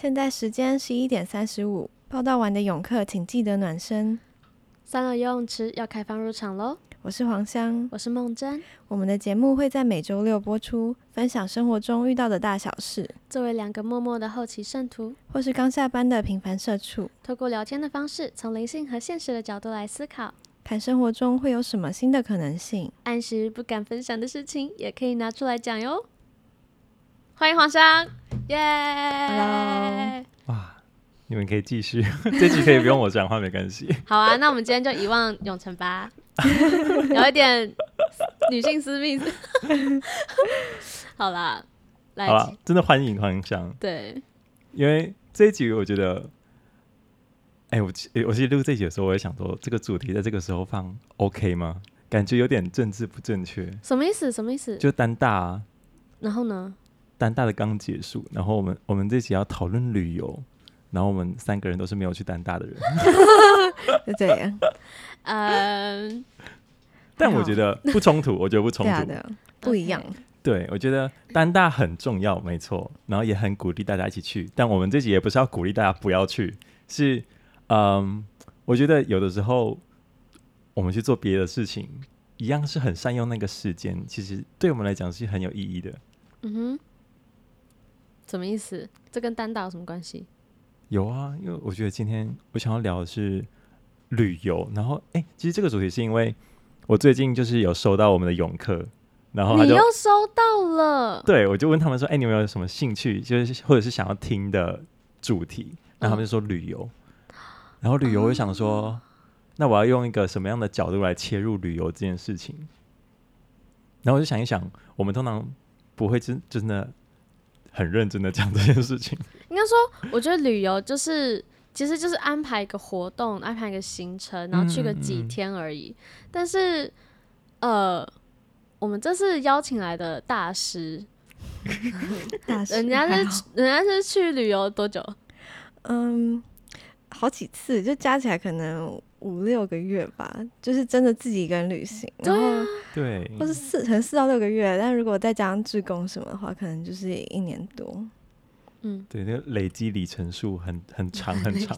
現在時間是十一點三十五。報到完的泳客，請記得暖身。三樓游泳池要開放入場嘍！我是黃香，我是孟真。我們的節目會在每周六播出，分享生活中遇到的大小事。作為兩個默默的後期聖徒，或是剛下班的平凡社畜，透過聊天的方式，從靈性和現實的角度來思考，看生活中會有什麼新的可能性。按時不敢分享的事情，也可以拿出來講喲。歡迎皇上，耶、yeah！Hello 哇，你們可以繼續，這集可以不用我講話，沒關係。 好啊，那我們今天就遺忘永存吧，有一點女性私密。好了，來好啦，真的歡迎皇上。對，因為這一集我覺得，哎、欸，我、欸、我其實錄這一集的時候，我也想說，這個主題在這個時候放 OK 嗎？感覺有點政治不正確。什麼意思？什麼意思？就單大啊。然後呢？單大的剛結束，然後我們我們這集要討論旅遊，然後我們三個人都是沒有去單大的人。對，嗯 樣， 呃、但我覺得不衝突，還好 我覺得不衝突，不一樣。對，對 Okay 我覺得單大很重要，沒錯，然後也很鼓勵大家一起去。但我們這集也不是要鼓勵大家不要去，是嗯、呃，我覺得有的時候我們去做別的事情，一樣是很善用那個時間，其實對我們來講是很有意義的。嗯哼。什麼意思？這跟單打有什麼關係？有啊，因為我覺得今天我想要聊的是旅遊。然後，哎、欸，其實這個主題是因為我最近就是有收到我們的泳客，然後你又收到了，對我就問他們說：“哎、欸，你們有，有什麼興趣，就是或者是想要聽的主題？”然後他們就說旅遊。嗯、然後旅遊，我就想說，嗯、那我要用一個什麼樣的角度來切入旅遊這件事情？然後我就想一想，我們通常不會真真的。很認真的講這件事情，應該說，我覺得旅遊就是，其實就是安排一個活動，安排一個行程，然後去個幾天而已。嗯嗯嗯，但是，呃，我們這次邀請來的大師，大師，人家是，人家是去旅遊多久？嗯，好幾次，就加起來可能。五六個月吧，就是真的自己一個人旅行，然後對、啊，或是四，可能四到六個月，但如果再加上志工什麼的話，可能就是一年多。嗯，對，那個累積里程數很很長很長，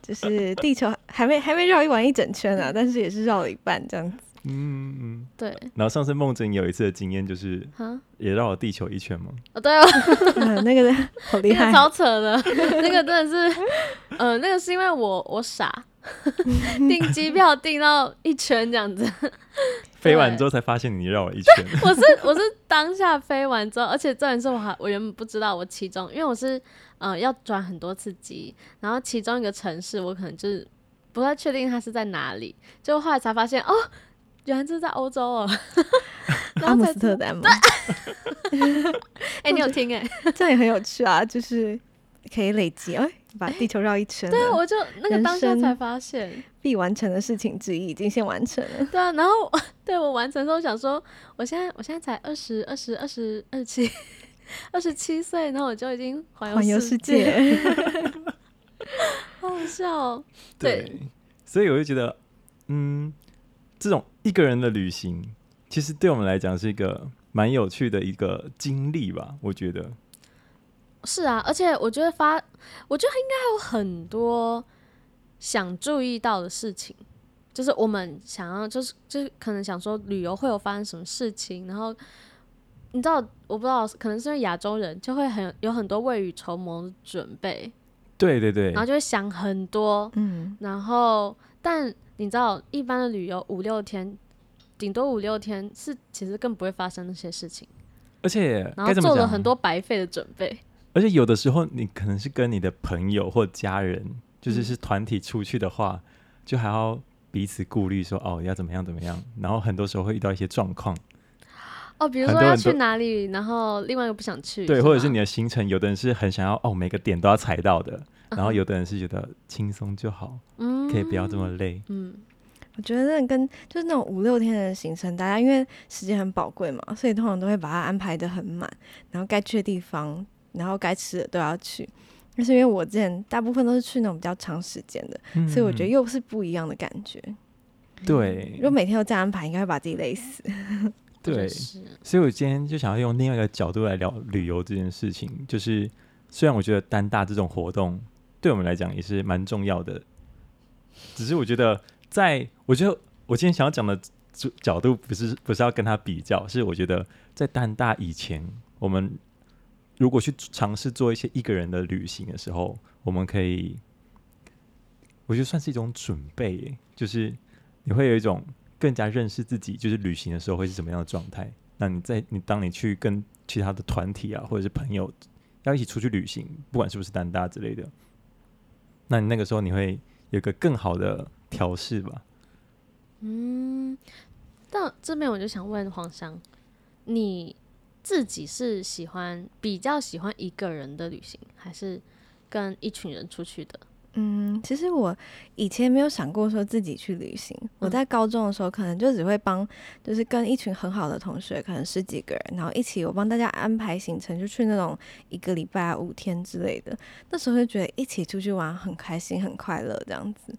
就是地球還沒還沒繞完一,一整圈啊，但是也是繞了一半這樣子。嗯嗯嗯，嗯嗯對。然後上次夢真有一次的經驗就是，蛤也繞了地球一圈嗎？哦，對哦， 嗯、那個好厲害，超扯的，那個真的是，嗯、 呃，那個是因為我我傻。訂機 票訂到一圈這樣子， 飛完之後才發現你繞了一圈。我是我是當下飛完之後， 而且重點是我還我原本不知道我其中，因為我是呃要轉很多次機，然後其中一個城市我可能就是不太確定它是在哪裡，就後來才發現哦，原來這是在歐洲哦。阿姆斯特丹。哎，你有聽哎、欸，這樣也很有趣啊，就是可以累積哎。欸把地球繞一圈、欸，對，我就那個當下才發現，必完成的事情之一已經先完成了。對啊，然後對我完成之後想說，我現在我現在才二十二十二十二十七二十七歲，然後我就已經環遊世,世界， 好笑、喔。對,對，所以我就覺得，嗯，這種一個人的旅行，其實對我們來講是一個蠻有趣的一個經歷吧，我覺得。是啊，而且我覺得發，我覺得應該還有很多想注意到的事情，就是我們想要，就是就是可能想說旅遊會有發生什麼事情，然後你知道，我不知道，可能是因為亞洲人就會很有很多未雨綢繆的準備，對對對，然後就會想很多，嗯，嗯，然後但你知道，一般的旅遊五六天，頂多五六天是其實更不會發生那些事情，而且然後做了很多白費的準備。而且有的時候，你可能是跟你的朋友或家人，就是是團體出去的話，嗯、就還要彼此顧慮說哦，要怎麼樣怎麼樣。然後很多時候會遇到一些狀況，哦，比如說很多很多要去哪裡，然後另外一個不想去，對，嗎或者是你的行程，有的人是很想要哦，每個點都要踩到的，然後有的人是覺得輕鬆就好，嗯，可以不要這麼累，嗯。我覺得那跟就是那種五六天的行程，大家因為時間很寶貴嘛，所以通常都會把它安排得很滿，然後該去的地方。然後該吃的都要去，那是因為我之前大部分都是去那種比較長時間的，嗯、所以我覺得又是不一樣的感覺。對，如果每天都這樣安排，應該會把自己累死。對，是是啊，所以我今天就想要用另外一個角度來聊旅遊這件事情。就是雖然我覺得單大這種活動對我們來講也是蠻重要的，只是我覺得在我覺得我今天想要講的角角度，不是不是要跟他比較，是我覺得在單大以前我們。如果去嘗試做一些一個人的旅行的時候，我們可以，我覺得算是一種準備，就是你會有一種更加認識自己，就是旅行的時候會是什麼樣的狀態。那你在你當你去跟其他的團體啊，或者是朋友要一起出去旅行，不管是不是單搭之類的，那你那個時候你會有個更好的調適吧？嗯，到這邊我就想問黃翔，你。自己是喜歡比較喜歡一個人的旅行，還是跟一群人出去的？嗯，其實我以前沒有想過說自己去旅行。嗯、我在高中的時候，可能就只會幫，就是跟一群很好的同學，可能十幾個人，然後一起我幫大家安排行程，就去那種一個禮拜、啊、五天之類的。那時候就覺得一起出去玩很開心，很快樂這樣子。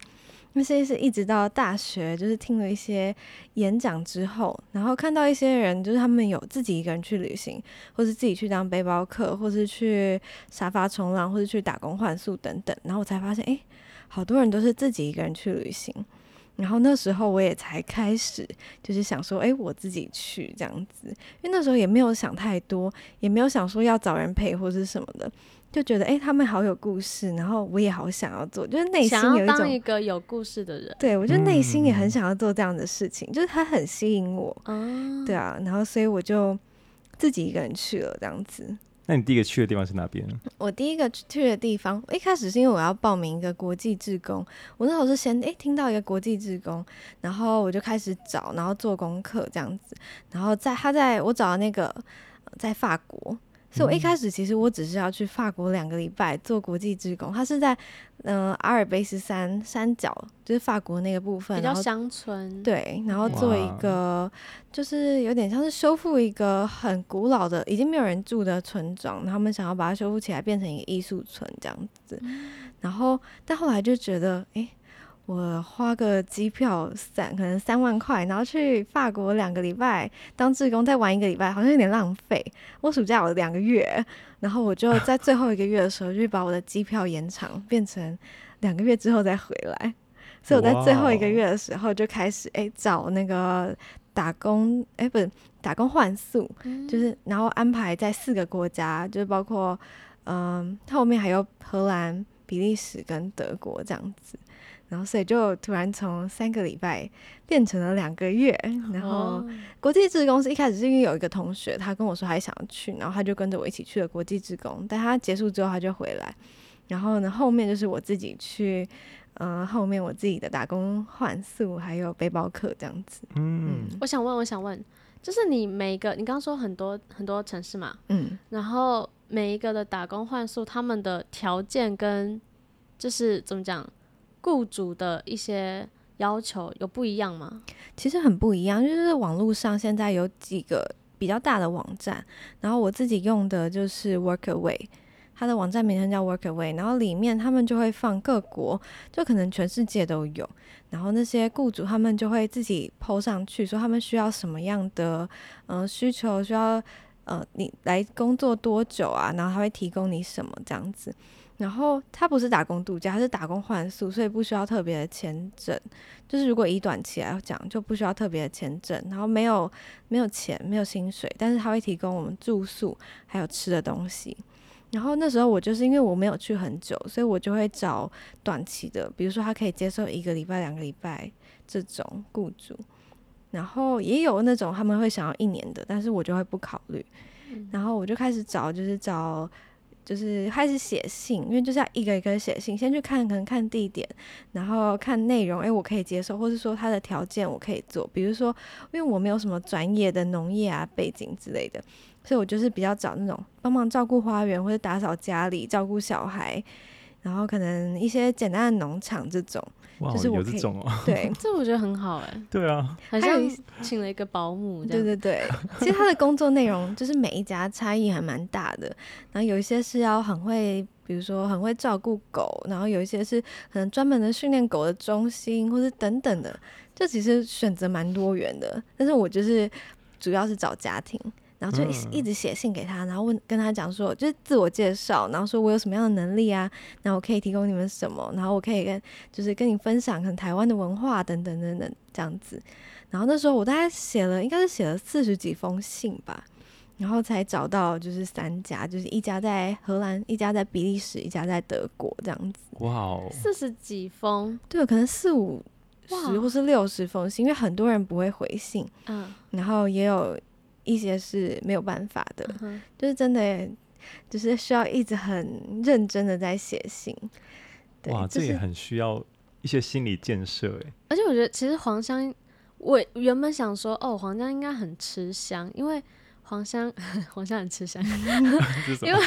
那些是一直到大學，就是聽了一些演講之後，然後看到一些人，就是他們有自己一個人去旅行，或是自己去當背包客，或是去沙發衝浪，或者去打工換宿等等。然後我才發現，哎、欸，好多人都是自己一個人去旅行。然後那時候我也才開始，就是想說，哎、欸，我自己去這樣子。因為那時候也沒有想太多，也沒有想說要找人陪或是什麼的。就覺得哎、欸，他們好有故事，然後我也好想要做，就是內心有一種當一個有故事的人。對，我就內心也很想要做這樣的事情，嗯、就是他很吸引我。嗯、對啊，然後所以我就自己一個人去了這樣子。那你第一個去的地方是哪邊？我第一個去的地方，一開始是因為我要報名一個國際志工，我那時候是先誒、欸、聽到一個國際志工，然後我就開始找，然後做功課這樣子，然後在他在我找的那個在法國。所以我一開始其實我只是要去法國兩個禮拜做國際志工，他是在嗯、呃、阿爾卑斯山山腳，就是法國那個部分，比較鄉村。對，然後做一個哇就是有點像是修復一個很古老的已經沒有人住的村莊，他們想要把它修復起來變成一個藝術村這樣子。嗯、然後但後來就覺得哎。欸我花個機票三，可能三萬塊，然後去法國兩個禮拜當志工，再玩一個禮拜，好像有點浪費。我暑假有兩個月，然後我就在最後一個月的時候，就把我的機票延長， 變成兩個月之後再回來。所以我在最後一個月的時候，就開始哎 Wow.、欸、找那個打工，哎、欸、不是打工換宿，嗯、就是然後安排在四個國家，就是、包括嗯後面還有荷蘭、比利時跟德國這樣子。然後，所以就突然從三個禮拜變成了兩個月。然後，國際志工是一開始是因為有一個同學，他跟我說還想去，然後他就跟着我一起去了國際志工。但他結束之後他就回來。然後呢，後面就是我自己去，嗯、呃，後面我自己的打工換宿還有背包客這樣子。嗯，嗯、我想問，我想問，就是你每一個，你剛剛說很多很多城市嘛，嗯，然後每一個的打工換宿，他們的條件跟就是怎麼講？雇主的一些要求有不一樣嗎？其實很不一樣，就是網絡上現在有幾個比較大的網站，然後我自己用的就是 Workaway，它的網站名稱叫 Workaway，然後裡面他們就會放各國，就可能全世界都有，然後那些雇主他們就會自己 po 上去，說他們需要什麼樣的嗯、呃、需求，需要呃你來工作多久啊，然後他會提供你什麼這樣子。然後他不是打工度假，他是打工換宿，所以不需要特別的簽證。就是如果以短期來講，就不需要特別的簽證。然後沒有沒有錢，沒有薪水，但是他會提供我們住宿還有吃的東西。然後那時候我就是因為我沒有去很久，所以我就會找短期的，比如說他可以接受一個禮拜、兩個禮拜這種雇主。然後也有那種他們會想要一年的，但是我就會不考慮。然後我就開始找，就是找。就是開始寫信，因為就是要一個一個寫信，先去看可能看地點，然後看內容，哎、欸，我可以接受，或是說他的條件我可以做。比如說，因為我沒有什麼專業的農業啊背景之類的，所以我就是比較找那種幫忙照顧花園或者打掃家裡、照顧小孩，然後可能一些簡單的農場這種。就是我哇有這種哦、喔，對，這我覺得很好哎、欸。對啊，好像請了一個保姆這樣。對對對，其實他的工作內容就是每一家差異還蠻大的，然後有一些是要很會，比如說很會照顧狗，然後有一些是可能專門的訓練狗的中心，或是等等的，這其實選擇蠻多元的。但是我就是主要是找家庭。然後就一一直寫信給他，然後問、嗯、然後跟他講說，就是自我介紹，然後說我有什麼樣的能力啊，然後我可以提供你們什麼，然後我可以跟就是跟你分享可能台灣的文化等等等等這樣子。然後那時候我大概寫了，應該是寫了四十幾封信吧，然後才找到就是三家，就是一家在荷蘭，一家在比利時，一家在德國這樣子。哇，四十幾封？對，可能四五十或是六十封信，哇因為很多人不會回信。嗯，然後也有。一些是沒有辦法的，嗯、哼就是真的，就是需要一直很認真的在寫信。對哇，就是、這也很需要一些心理建設哎。而且我覺得，其實黃香，我原本想說，哦，黃香應該很吃香，因為黃香，呵呵黃香很吃香， 因為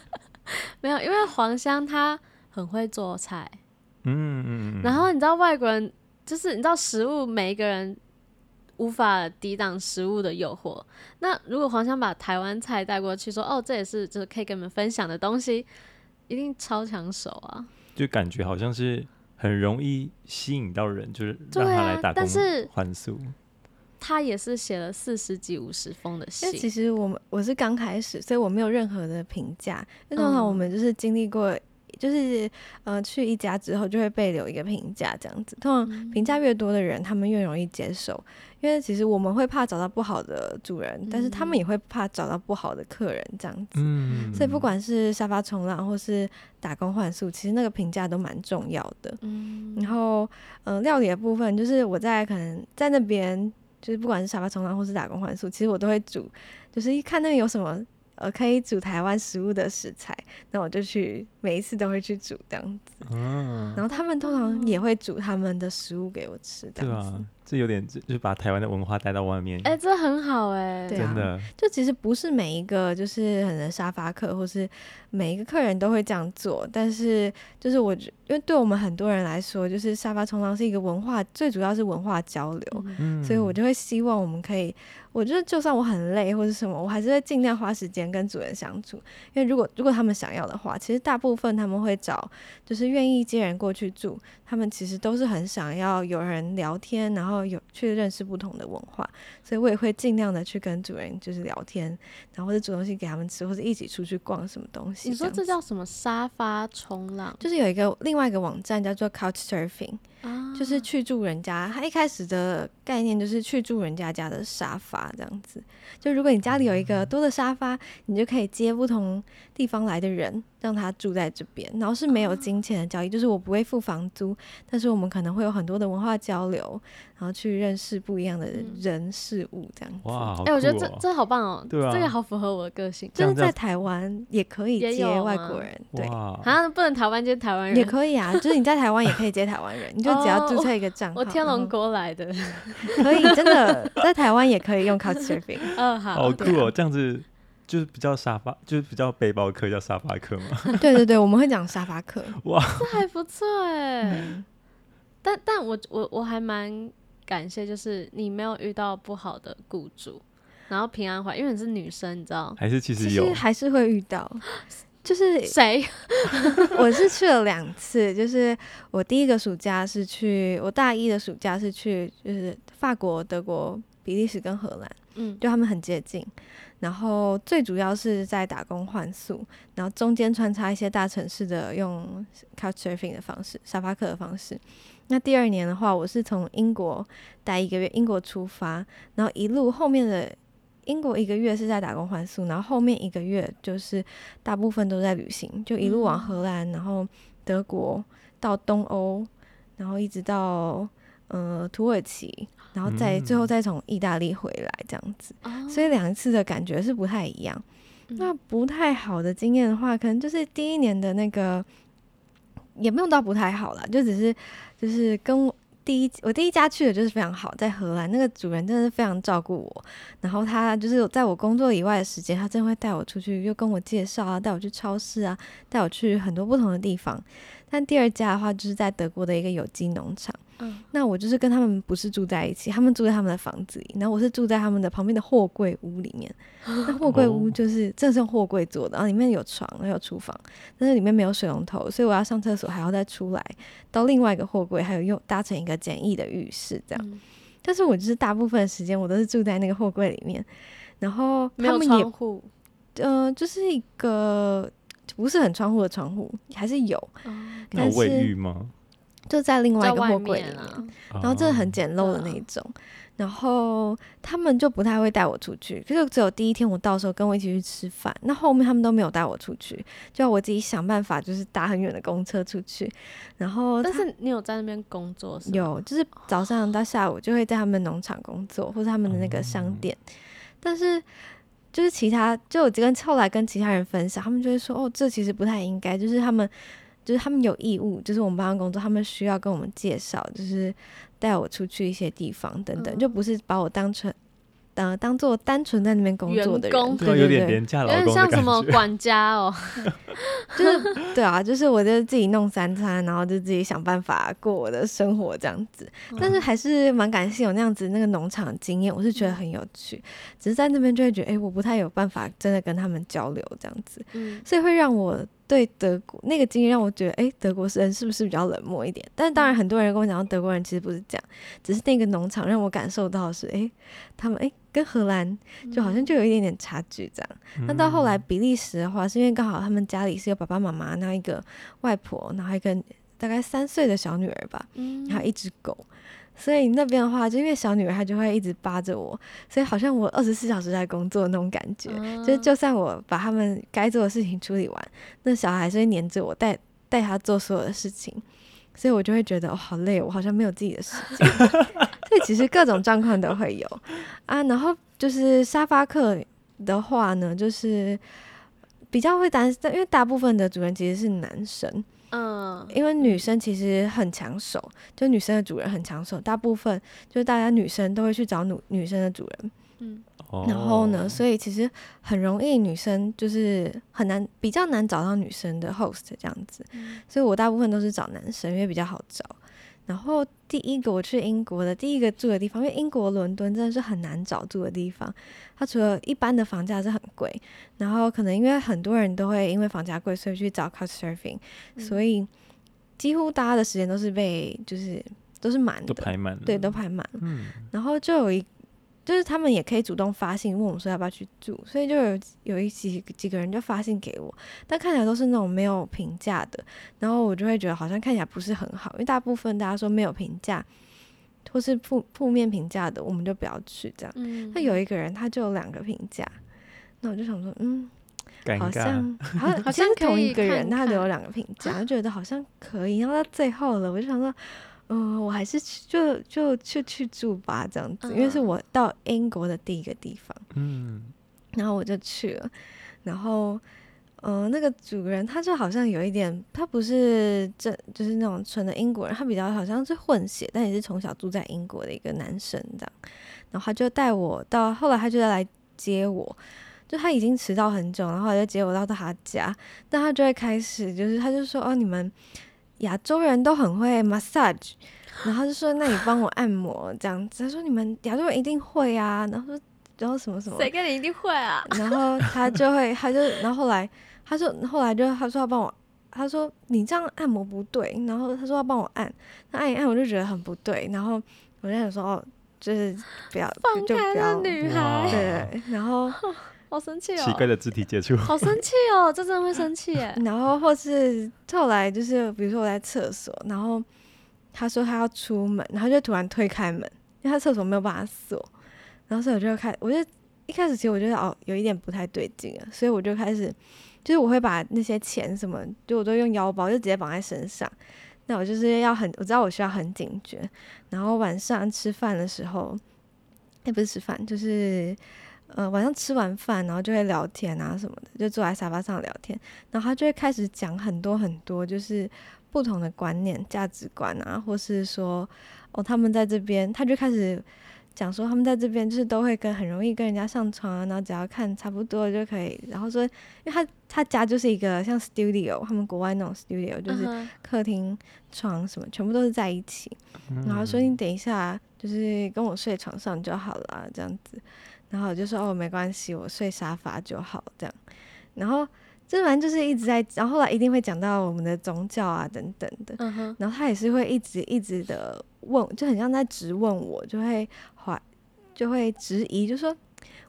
沒有，因為黃香他很會做菜。嗯嗯嗯。嗯然後你知道外國人，就是你知道食物，每一個人。無法抵擋食物的誘惑。那如果黃香把台灣菜帶過去，說：“哦，這也是就是可以跟你們分享的東西，一定超搶手啊！”就感覺好像是很容易吸引到人，就是讓他來打工換宿。啊，但是他也是寫了四十幾五十封的信。其實我們我是剛開始，所以我沒有任何的評價。那剛好我們就是經歷過。就是，呃，去一家之後就會被留一個評價，這樣子。通常評價越多的人，嗯、他們越容易接受，因為其實我們會怕找到不好的主人，嗯、但是他們也會怕找到不好的客人，這樣子。嗯、所以不管是沙發衝浪或是打工換宿，其實那個評價都蠻重要的。嗯、然後，嗯、呃，料理的部分，就是我在可能在那邊，就是不管是沙發衝浪或是打工換宿，其實我都會煮，就是一看那邊有什麼。呃，我可以煮台灣食物的食材，那我就去，每一次都會去煮這樣子。嗯，然後他們通常也會煮他們的食物給我吃這，這、嗯、對啊，這有點就把台灣的文化帶到外面。哎、欸，這很好哎、欸，對啊、真的。就其實不是每一個就是很沙發客或是。每一個客人都會這樣做，但是就是我，因為對我們很多人來說，就是沙發衝浪是一個文化，最主要是文化交流，嗯、所以我就會希望我們可以，我覺得就算我很累或者什麼，我還是會盡量花時間跟主人相處，因為如果如果他們想要的話，其實大部分他們會找，就是願意接人過去住，他們其實都是很想要有人聊天，然後有去認識不同的文化，所以我也會盡量的去跟主人就是聊天，然後或者煮東西給他們吃，或者一起出去逛什麼東西。你說這叫什麼沙發衝浪？就是有一個另外一個網站叫做 Couch Surfing。就是去住人家，他一開始的概念就是去住人家家的沙發這樣子。就如果你家裡有一個多的沙發，你就可以接不同地方來的人，讓他住在這邊。然後是沒有金錢的交易，就是我不會付房租，但是我們可能會有很多的文化交流，然後去認識不一樣的人事物這樣子。哇，哎、欸，我覺得這這好棒哦、喔，對啊，這個好符合我的個性。就是在台灣也可以接外國人，對，好像不能台灣接台灣人也可以啊，就是你在台灣也可以接台灣人， 你就。Oh, 只要註冊一個帳號，我天龍國來的，所後 以真的 在台灣也可以用 Couchsurfing。嗯、哦，好，好、啊、酷哦，這樣子就是比較沙發，就是比較背包客叫沙發客嘛。 對對對，我們會講沙發客。哇，這還不錯哎。 但但我我我還蠻感謝，就是你沒有遇到不好的雇主，然後平安懷，因為你是女生，你知道？還是其實有，其實還是會遇到。 就是誰？誰 我是去了兩次。就是我第一個暑假是去，我大一的暑假是去，就是法國、德國、比利時跟荷蘭，嗯，就他們很接近。然後最主要是在打工換宿，然後中間穿插一些大城市的用 couch surfing 的方式，沙發客的方式。那第二年的話，我是從英國待一個月，英國出發，然後一路後面的。英國一個月是在打工換宿，然後後面一個月就是大部分都在旅行，就一路往荷蘭，然後德國到東歐，然後一直到呃土耳其，然後再最後再從意大利回來這樣子。嗯嗯嗯。所以兩次的感覺是不太一樣。哦。那不太好的經驗的話，可能就是第一年的那個也沒有到不太好啦，就只是就是跟我。第一，我第一家去的就是非常好，在荷蘭，那個主人真的是非常照顧我，然後他就是在我工作以外的時間，他真的會帶我出去，又跟我介紹啊，帶我去超市啊，帶我去很多不同的地方。但第二家的話，就是在德國的一個有機農場。嗯、那我就是跟他們不是住在一起，他們住在他們的房子裡，然後我是住在他們的旁邊的貨櫃屋裡面。那貨櫃屋就是正是用貨櫃做的，然後、哦啊、裡面有床，還有廚房，但是裡面沒有水龍頭，所以我要上廁所還要再出來到另外一個貨櫃，還有用搭成一個簡易的浴室這樣。嗯、但是我就是大部分時間我都是住在那個貨櫃裡面，然後他們也沒有窗戶，嗯、呃，就是一個不是很窗戶的窗戶還是有，有衛、嗯、浴嗎？就在另外一個貨櫃裡面，在外面啊、然後這是很簡陋的那一種。啊、然後他們就不太會帶我出去，對啊、然後他們就不太會帶我出去，就是只有第一天我到時候跟我一起去吃飯，那後面他們都沒有帶我出去，就要我自己想辦法，就是搭很遠的公車出去。然後，但是你有在那邊工作是嗎？有，就是早上到下午就會在他們農場工作，哦、或者他們的那個商店。嗯嗯，但是就是其他，就我跟後來跟其他人分享，他們就會說：“哦，這其實不太應該。”就是他們。就是他們有義務，就是我們幫他們工作，他們需要跟我們介紹，就是帶我出去一些地方等等，嗯、就不是把我當成、呃，當當做單純在那邊工作的人員工，對對對，有點廉價的感覺，像什麼管家哦， 就是對啊，就是我就自己弄三餐，然後就自己想辦法過我的生活這樣子，嗯、但是還是蠻感謝有那樣子那個農場經驗，我是覺得很有趣，嗯、只是在那邊就會覺得，哎、欸，我不太有辦法真的跟他們交流這樣子，嗯、所以會讓我。對德國那個經歷讓我覺得，哎，德國人是不是比較冷漠一點？但是當然很多人跟我講，德國人其實不是這樣，只是那個農場讓我感受到是，哎，他們，哎，跟荷蘭就好像就有一點點差距這樣。嗯哼。那到後來比利時的話，是因為剛好他們家裡是有爸爸媽媽，那一個外婆，然後一個大概三歲的小女兒吧，嗯。然後一隻狗。所以那邊的話，就因為小女兒，她就會一直扒着我，所以好像我二十四小時在工作那種感覺。嗯、就是就算我把他們該做的事情處理完，那小孩還是會黏着我，帶帶他做所有的事情，所以我就會覺得、哦、好累，我好像沒有自己的時間。 所以其實各種狀況都會有啊。然後就是沙發客的話呢，就是比較會擔心，因為大部分的主人其實是男生。嗯，因為女生其實很搶手，就女生的主人很搶手，大部分就是大家女生都會去找女女生的主人，嗯，然後呢，哦、所以其實很容易女生就是很難比較難找到女生的 host 這樣子，嗯、所以我大部分都是找男生，因為比較好找。然後第一個我去英國的，第一個住的地方，因為英國倫敦真的是很難找住的地方，它除了一般的房價是很貴，然後可能因為很多人都會因為房價貴，所以去找 Couch Surfing、嗯、所以幾乎大家的時間都是被就是都是滿，都排滿，對，都排滿了，嗯、然後就有一。就是他們也可以主動發信問我們說要不要去住，所以就有有一幾幾個人就發信給我，但看起來都是那種沒有評價的，然後我就會覺得好像看起來不是很好，因為大部分大家說沒有評價或是負負面評價的，我們就不要去這樣。那、嗯、有一個人他就有兩個評價，那我就想說，嗯，尬好像好像好像同一個人他就個，他有兩個評價，我覺得好像可以。然後到最後了，我就想說。嗯、哦，我還是去就就去去住吧，這樣子，嗯、因為是我到英國的第一個地方。嗯，然後我就去了，然後，嗯，那個主人他就好像有一點，他不是這就是那種純的英國人，他比較好像是混血，但也是從小住在英國的一個男生這樣。然後他就帶我到，後來他就來接我，就他已經遲到很久，然後就接我到他家，但他就會開始，就是他就說，哦、啊，你們。亞洲人都很會 massage，然後就說，那你幫我按摩這樣子。他說你們亞洲人一定會啊，然後說然後什麼什麼，誰跟你一定會啊？然後他就會，他就然後後來 他說後來就他說要幫我，他說你這樣按摩不對，然後他說要幫我按，那按一按我就覺得很不對，然後我就想說哦，就是不要放開那女孩，哦、對，然後。哦好生氣哦！奇怪的肢體接觸， 好生氣哦！這真的會生氣誒。然後或是後來就是，比如說我在廁所，然後他說他要出門，然後就突然推開門，因為他廁所沒有辦法鎖，然後所以我就要開。我就一開始其實我覺得哦，有一點不太對勁啊，所以我就開始就是我會把那些錢什麼，就我都用腰包，就直接綁在身上。那我就是要很，我知道我需要很警覺。然後晚上吃飯的時候，也、欸、不是吃飯，就是。呃，晚上吃完飯，然後就會聊天啊什麼的，就坐在沙發上聊天。然後他就會開始講很多很多，就是不同的觀念、價值觀啊，或是說哦，他們在這邊，他就開始講說，他們在這邊就是都會跟很容易跟人家上床啊。然後只要看差不多就可以。然後說，因為他他家就是一個像 studio，他們國外那種 studio，就是客廳床什麼全部都是在一起。然後說你等一下，就是跟我睡床上就好了，這樣子。然後我就說哦，沒關係，我睡沙發就好這樣。然後這反正就是一直在，然後，後來一定會講到我們的宗教啊等等的。嗯哼。然後他也是會一直一直的問，就很像在質問我，就會懷就會質疑，就說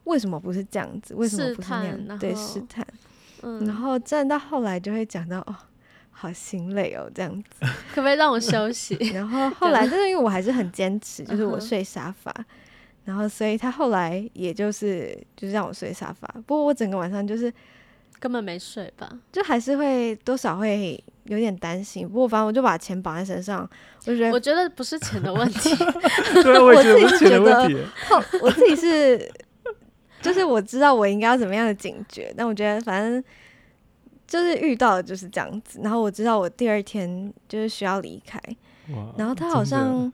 為什麼不是這樣子，為什麼不是那樣？對，試探。嗯。然後這樣到後來就會講到哦，好心累哦這樣子。可不可以讓我休息？嗯，然後後來就樣是因為我還是很堅持，就是我睡沙發。嗯然後，所以他後來也就是就是讓我睡沙發。不過我整個晚上就是根本沒睡吧，就還是會多少會有點擔心。不過反正我就把錢綁在身上，我覺得我覺得不是錢的問題， 對，我覺得不是錢的問題我自己覺得、 哦。我自己是就是我知道我應該要怎麼樣的警覺， 但我覺得反正就是遇到就是這樣子。然後我知道我第二天就是需要離開，哇然後他好像。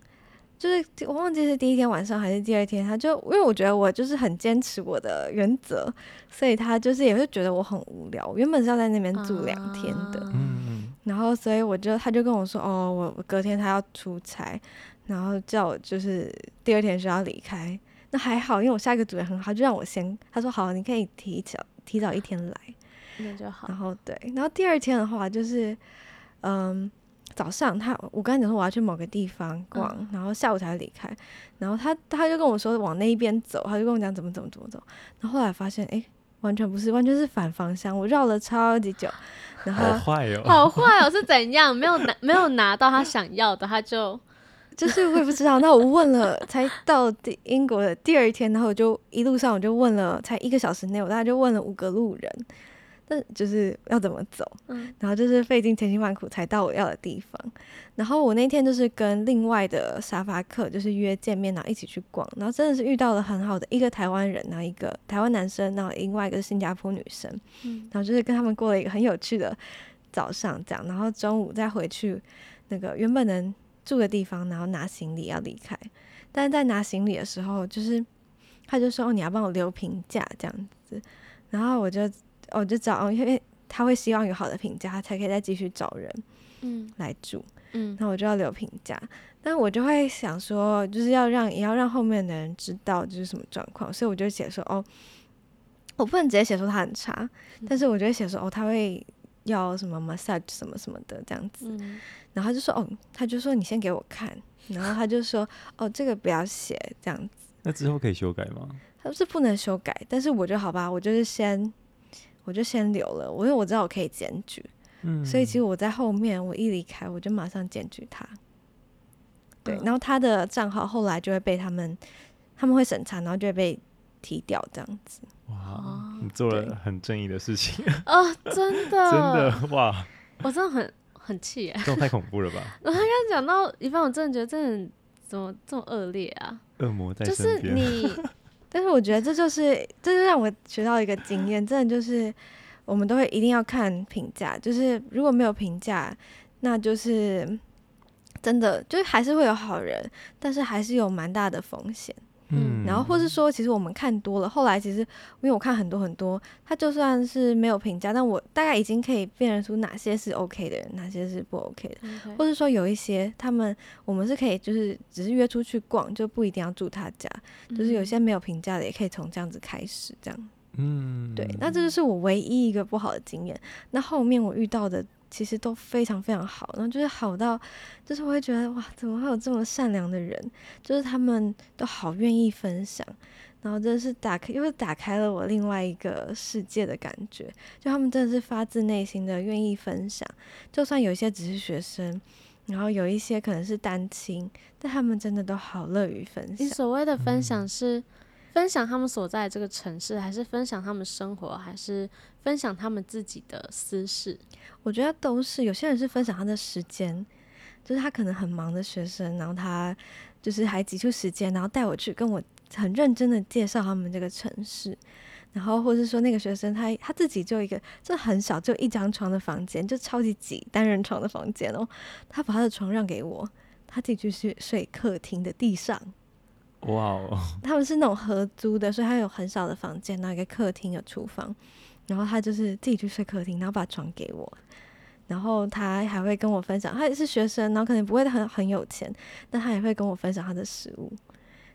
就是我忘記是第一天晚上還是第二天，他就因為我覺得我就是很堅持我的原則，所以他就是也會覺得我很無聊。我原本是要在那邊住兩天的，嗯嗯嗯，然後所以我就他就跟我說，哦，我隔天他要出差，然後叫我就是第二天就要離開。那還好，因為我下一個主人很好，他就讓我先他說好，你可以提早提早一天來，那就好。然後對，然後第二天的話就是嗯。早上他，我剛才講說我要去某個地方逛，嗯、然後下午才離開，然後他他就跟我說往那一邊走，他就跟我講怎麼怎麼怎麼走，然後後來發現哎，完全不是，完全是反方向，我繞了超級久，然後好壞哦，好壞哦，是怎樣？沒有拿 沒有拿到他想要的，他就就是我也不知道。 那我問了，才到英國的第二天，然後我就一路上我就問了，才一個小時內，我大概就問了五個路人。但就是要怎麼走，嗯，然後就是費盡千辛萬苦才到我要的地方，然後我那天就是跟另外的沙發客就是約見面，然後一起去逛，然後真的是遇到了很好的一個台灣人，然後一個台灣男生，然後另外一個新加坡女生，嗯，然後就是跟他們過了一個很有趣的早上，這樣，然後中午再回去那個原本能住的地方，然後拿行李要離開，但是在拿行李的時候，就是他就說，哦，你要幫我留評價這樣子，然後我就。我、哦、就找、哦，因為他會希望有好的評價，他才可以再繼續找人，嗯，嗯，來住，嗯。那我就要留評價，但我就會想說，就是要讓也要讓後面的人知道就是什麼狀況，所以我就寫說，哦，我不能直接寫說他很差，嗯、但是我就寫說，哦，他會要什麼 massage 什麼什麼的這樣子。嗯、然後他就說，哦，他就說你先給我看，然後他就說， 哦，這個不要寫這樣子。那之後可以修改嗎？他不是不能修改，但是我就好吧，我就是先。我就先留了，我因為我知道我可以檢舉，嗯、所以其實我在後面，我一離開我就馬上檢舉他，對，然後他的賬號後來就會被他們，他們會審查，然後就會被踢掉這樣子。哇，哦、你做了很正義的事情啊對、 哦！真的， 真的哇！我真的很很氣啊！這種太恐怖了吧！ 我剛剛講到一半，我真的覺得真的怎麼這麼惡劣啊？惡魔在身邊，就是你。 但是我覺得這就是，這就讓我學到一個經驗，真的就是，我們都會一定要看評價，就是如果沒有評價，那就是真的，就是還是會有好人，但是還是有蠻大的風險。嗯，然後或是說，其實我們看多了，後來其實因為我看很多很多，他就算是沒有評價，但我大概已經可以辨認出哪些是 OK 的人，哪些是不 OK 的，okay. 或是說有一些他們我們是可以就是只是約出去逛，就不一定要住他家，嗯、就是有些沒有評價的也可以從這樣子開始這樣。嗯，對，那這就是我唯一一個不好的經驗。那後面我遇到的。其實都非常非常好，然後就是好到，就是我會覺得哇，怎麼會有這麼善良的人？就是他們都好願意分享，然後真的是打開，因為打開了我另外一個世界的感覺。就他們真的是發自內心的願意分享，就算有一些只是學生，然後有一些可能是單親，但他們真的都好樂於分享。你所謂的分享是？分享他們所在的這個城市，還是分享他們生活，還是分享他們自己的私事？我覺得都是。有些人是分享他的時間，就是他可能很忙的學生，然後他就是還擠出時間，然後帶我去跟我很認真的介紹他們這個城市。然後，或是說那個學生他他自己就一個，就很小就一張床的房間，就超級擠單人床的房間哦，他把他的床讓給我，他自己去睡睡客廳的地上。哇哦！Wow 他們是那種合租的，所以他有很少的房間，那一個客廳有廚房，然後他就是自己去睡客廳，然後把床給我，然後他還會跟我分享，他也是學生，然後可能不會很很有錢，但他也會跟我分享他的食物，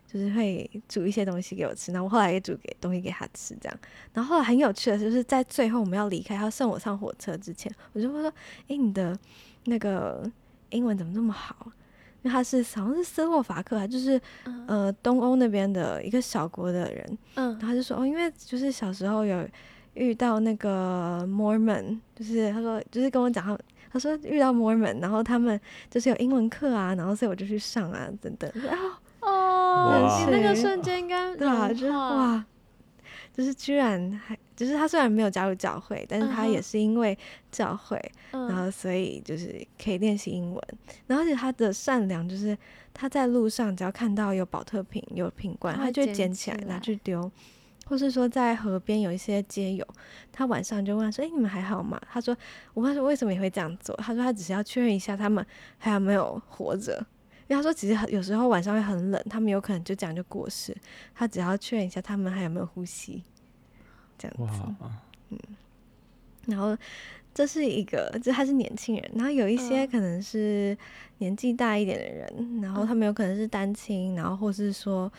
就是會煮一些東西給我吃，那我後來也煮給東西給他吃，這樣。然後後來很有趣的是就是在最後我們要離開，他送我上火車之前，我就會說：“誒、欸，你的那個英文怎麼那麼好？”因為他是好像是斯洛伐克、啊，還就是、嗯、呃東歐那邊的一個小國的人，嗯，然後他就說哦，因為就是小時候有遇到那個 Mormon，就是他說就是跟我講他，他說遇到 Mormon，然後他們就是有英文課啊，然後所以我就去上啊，等等，然後哦，哇那，是你那個瞬間應該好對吧、啊？就哇，就是居然還。就是他雖然沒有加入教會，但是他也是因為教會，uh huh. 然後所以就是可以練習英文。Uh huh. 然後而且他的善良，就是他在路上只要看到有寶特瓶、有瓶罐，會他就撿起來拿去丟；或是說在河邊有一些街友，他晚上就問他說：“哎、欸，你們還好嗎？”他說：“我問他說為什麼你會這樣做？”他說：“他只是要確認一下他們還有沒有活着。”因為他說其實有時候晚上會很冷，他們有可能就這樣就過世，他只要確認一下他們還有沒有呼吸。這樣子，嗯，然後這是一個，就他是年輕人。然後有一些可能是年紀大一點的人，嗯、然後他們有可能是單親，然後或是說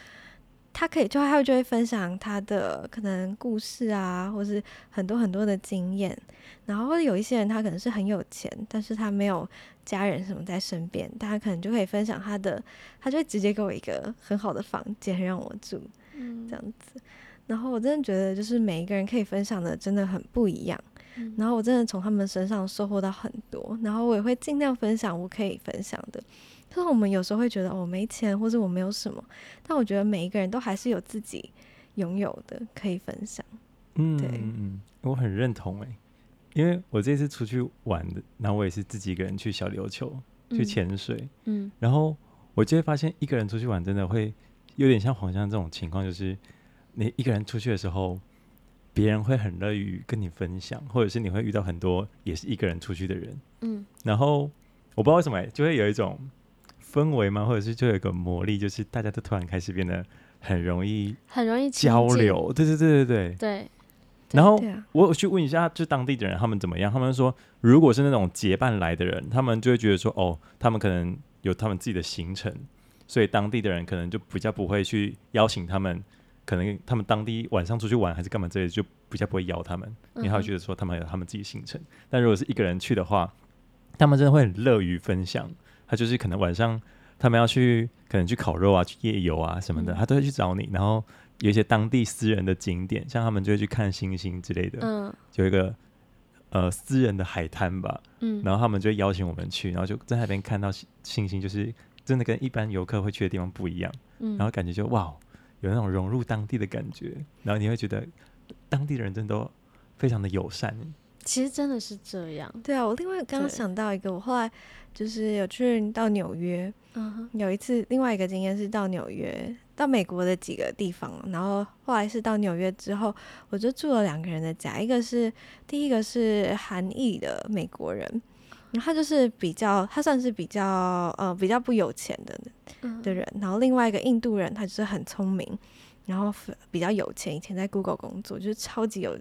他可以就，就他就會分享他的可能故事啊，或是很多很多的經驗。然後或者有一些人，他可能是很有錢，但是他沒有家人什麼在身邊，他可能就可以分享他的，他就會直接給我一個很好的房間讓我住，嗯、這樣子。然後我真的覺得，就是每一個人可以分享的真的很不一樣。嗯、然後我真的從他們身上收穫到很多。然後我也會盡量分享我可以分享的。就是我們有時候會覺得哦，我沒錢，或者我沒有什麼，但我覺得每一個人都還是有自己擁有的可以分享。嗯，對嗯，我很認同誒、欸，因為我這次出去玩的，然後我也是自己一個人去小琉球去潛水，嗯，嗯然後我就會發現一個人出去玩真的會有點像皇上這種情況，就是。你一個人出去的時候，別人會很樂於跟你分享，或者是你會遇到很多也是一個人出去的人，嗯。然後我不知道為什麼、欸，就會有一種氛圍嘛，或者是就有一個魔力，就是大家都突然開始變得很容易、很容易交流。對對對對對。對。對然後、啊、我我去問一下，就當地的人他們怎麼樣？他們說，如果是那種結伴來的人，他們就會覺得說，哦，他們可能有他們自己的行程，所以當地的人可能就比較不會去邀請他們。可能他們當地晚上出去玩還是幹嘛之類的，就比較不會邀他們。因為，他就覺得說他們有他們自己行程，但如果是一個人去的話，他們真的會很樂於分享。他就是可能晚上他們要去，可能去烤肉啊、去夜遊啊什麼的，嗯、他都會去找你。然後有一些當地私人的景點，像他們就會去看星星之類的。嗯、就一個呃私人的海灘吧。嗯，然後他們就邀請我們去，然後就在那邊看到星星，就是真的跟一般遊客會去的地方不一樣。嗯，然後感覺就哇。有那種融入當地的感覺，然後你會覺得當地的人真的都非常的友善。其實真的是這樣，對啊。我另外剛剛想到一個，對我後來就是有去到紐約，嗯、uh-huh. 有一次另外一個經驗是到紐約，到美國的幾個地方，然後後來是到紐約之後，我就住了兩個人的家，一個是第一個是韓裔的美國人。然後、嗯、他就是比較，他算是比較呃比較不有錢的的人，嗯、然後另外一個印度人，他就是很聰明，然後比較有錢，以前在 Google 工作，就是超級有、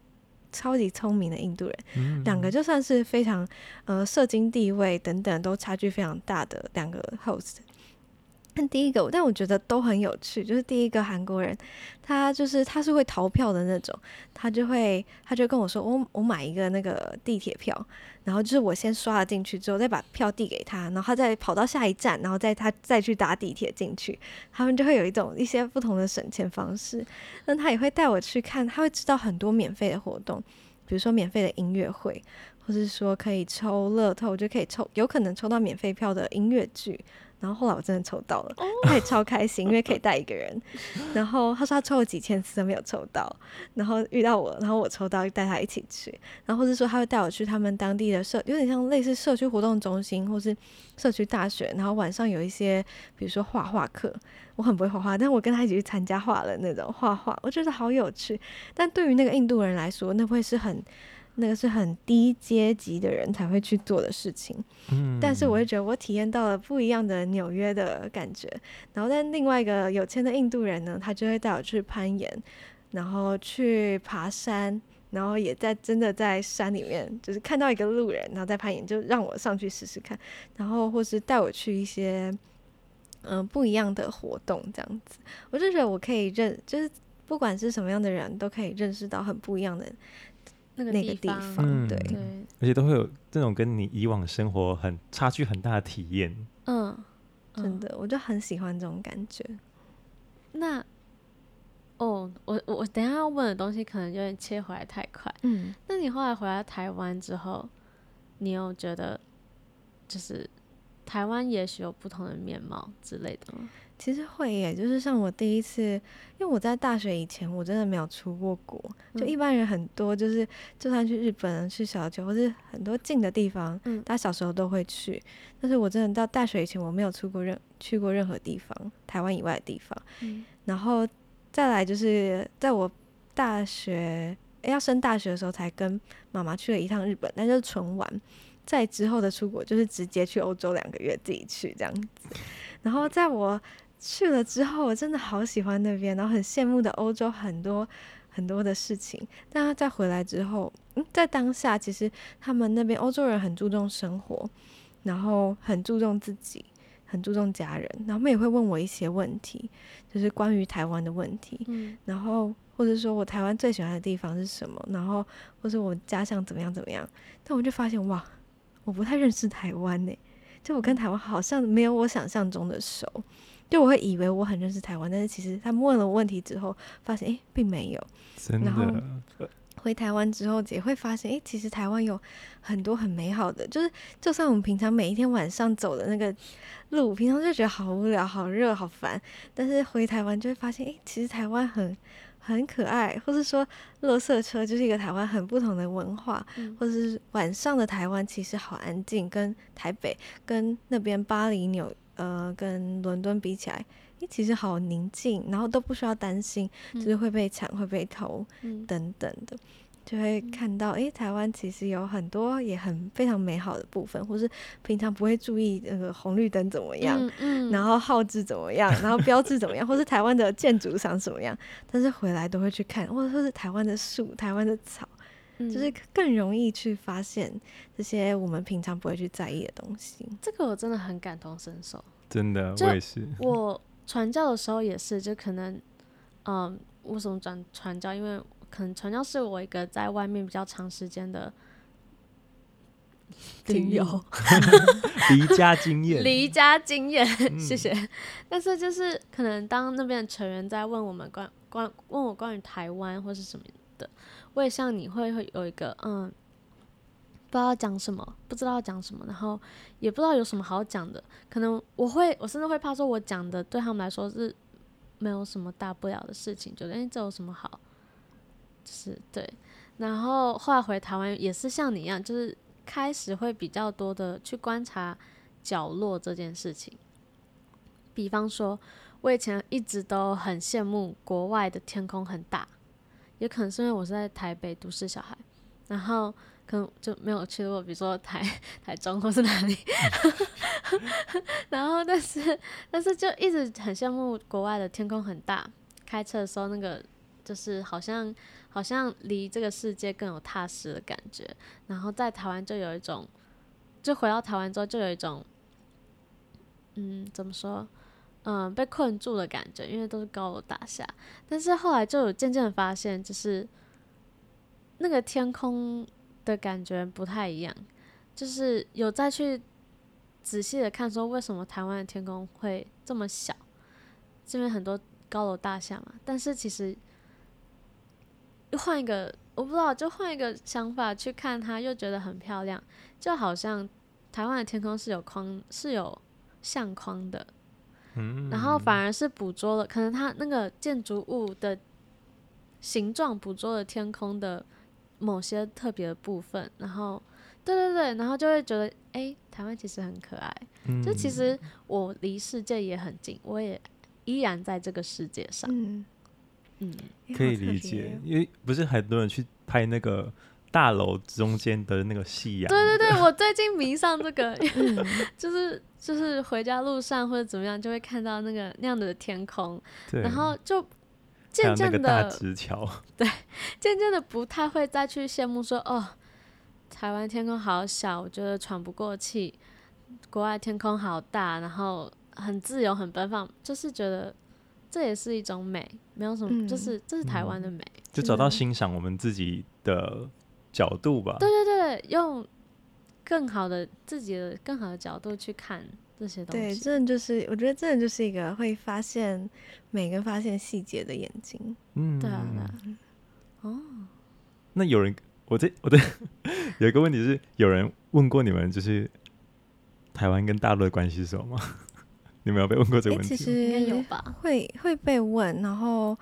超級聰明的印度人，兩、嗯嗯、個就算是非常呃社經地位等等都差距非常大的兩個 host。看第一個，但我覺得都很有趣。就是第一個韓國人，他就是他是會逃票的那種，他就會他就會跟我說，我我買一個那個地鐵票，然後就是我先刷了進去之後，再把票遞給他，然後他再跑到下一站，然後再他再去搭地鐵進去。他們就會有一種一些不同的省錢方式。那他也會帶我去看，他會知道很多免費的活動，比如說免費的音樂會，或是說可以抽樂透就可以抽，有可能抽到免費票的音樂劇。然後後來我真的抽到了，他也超開心， 因為可以帶一個人。然後他說他抽了幾千次都沒有抽到，然後遇到我，然後我抽到帶他一起去。然後是說他會帶我去他們當地的社，有點像類似社區活動中心，或是社區大學。然後晚上有一些，比如說畫畫課，我很不會畫畫，但我跟他一起去參加畫了那種畫畫，我覺得好有趣。但對於那個印度人來說，那會是很。那個是很低階級的人才會去做的事情，嗯，但是我會覺得我體驗到了不一樣的紐約的感覺。然後，但另外一個有錢的印度人呢，他就會帶我去攀岩，然後去爬山，然後也在真的在山裡面，就是看到一個路人，然後在攀岩，就讓我上去試試看，然後或是帶我去一些嗯，呃，不一樣的活動這樣子。我就覺得我可以認，就是不管是什麼樣的人都可以認識到很不一樣的人。那個地方，地方嗯、對，而且都會有這種跟你以往生活很差距很大的體驗。嗯，真的，嗯、我就很喜歡這種感覺。那，哦，我我等一下要問的東西可能有點切回來太快。嗯，那你後來回到台灣之後，你有覺得就是台灣也許有不同的面貌之類的嗎？嗯其實會耶，就是像我第一次，因為我在大學以前，我真的沒有出過國。嗯、就一般人很多，就是就算去日本、去小琉球，或是很多近的地方，嗯，大家小時候都會去。嗯、但是我真的到大學以前，我沒有出過任去過任何地方，台灣以外的地方。嗯、然後再來就是在我大學、欸、要升大學的時候，才跟媽媽去了一趟日本，那就是純玩。在之後的出國就是直接去歐洲兩個月自己去這樣子。然後在我。去了之後，我真的好喜歡那邊，然後很羨慕的歐洲很多很多的事情。但他，在回來之後，在當下，其實他們那邊歐洲人很注重生活，然後很注重自己，很注重家人。然後他們也會問我一些問題，就是關於台灣的問題，嗯，然後或者說我台灣最喜歡的地方是什麼，然後或者我家鄉怎麼樣怎麼樣。但我就發現哇，我不太認識台灣呢，欸，就我跟台灣好像沒有我想象中的熟。就我會以為我很認識台灣，但是其實他們問了問題之後，發現哎，並沒有。真的。然後回台灣之後，也會發現哎，其實台灣有很多很美好的，就是就算我們平常每一天晚上走的那個路，平常就覺得好無聊、好熱、好煩，但是回台灣就會發現哎，其實台灣很很可愛，或是說垃圾車就是一個台灣很不同的文化，嗯、或者是晚上的台灣其實好安靜，跟台北跟那邊巴黎紐。呃，跟倫敦比起來，哎，其實好寧靜，然後都不需要擔心，就是會被搶、會被偷、嗯、等等的，就會看到，誒、欸，台灣其實有很多也很非常美好的部分，或是平常不會注意那個紅綠燈怎麼樣，嗯嗯、然後號誌怎麼樣，然後標誌怎麼樣， 或是台灣的建築長怎麼樣，但是回來都會去看，或者說是台灣的樹、台灣的草。就是更容易去發現這些我們平常不會去在意的東西。嗯、這個我真的很感同身受，真的，就我也是。我傳教的時候也是，就可能，嗯，為什麼轉傳教？因為可能傳教是我一個在外面比較長時間的聽友，離 家經驗，離 家經驗，嗯、謝謝。但是就是可能當那邊的成員在問我們關關問我關於台灣或是什麼的。會像你會會有一個嗯，不知道講什麼，不知道講什麼，然後也不知道有什麼好講的。可能我會，我甚至會怕說，我講的對他們來說是沒有什麼大不了的事情，就哎，這有什麼好？就是對。然後後來回台灣也是像你一樣，就是開始會比較多的去觀察角落這件事情。比方說，我以前一直都很羨慕國外的天空很大。也可能是因為我是在台北都市小孩，然後可能就沒有去過，比如說台台中或是哪裡。 然後，但是但是就一直很羨慕國外的天空很大，開車的時候那個就是好像好像離這個世界更有踏實的感覺。然後在台灣就有一種，就回到台灣之後就有一種，嗯，怎麼說？嗯，被困住的感覺，因為都是高樓大廈。但是後來就有漸漸發現，就是那個天空的感覺不太一樣。就是有再去仔細的看，說為什麼台灣的天空會這麼小？這邊很多高樓大廈嘛。但是其實又換一個，我不知道，就換一個想法去看它，又覺得很漂亮。就好像台灣的天空是有框，是有相框的。然後反而是捕捉了，可能它那個建築物的形狀，捕捉了天空的某些特別的部分。然後，對對對，然後就會覺得，哎，台灣其實很可愛。嗯、就其實我離世界也很近，我也依然在這個世界上。嗯，嗯，可以理解，因為不是很多人去拍那個大樓中間的那個夕陽。對對對，我最近迷上這個， 嗯、就是。就是回家路上或者怎麼樣，就會看到那個那樣的天空，對然後就漸漸的，像那個大直橋，對，漸漸的不太會再去羨慕說哦，台灣天空好小，我覺得喘不過氣，國外天空好大，然後很自由很奔放，就是覺得這也是一種美，沒有什麼，嗯、就是這是台灣的美，嗯、的就找到欣賞我們自己的角度吧。對對對，用。更好的自己的更好的角度去看這些東西，對，真的就是我覺得真的就是一個會發現每個發現細節的眼睛，嗯，對啊，哦，那有人，我這我這 有一個問題是，有人問過你們，就是台灣跟大陸的關係是什麼嗎？ 你們有被問過這個問題嗎、欸？其實應該有吧，會會被問。然後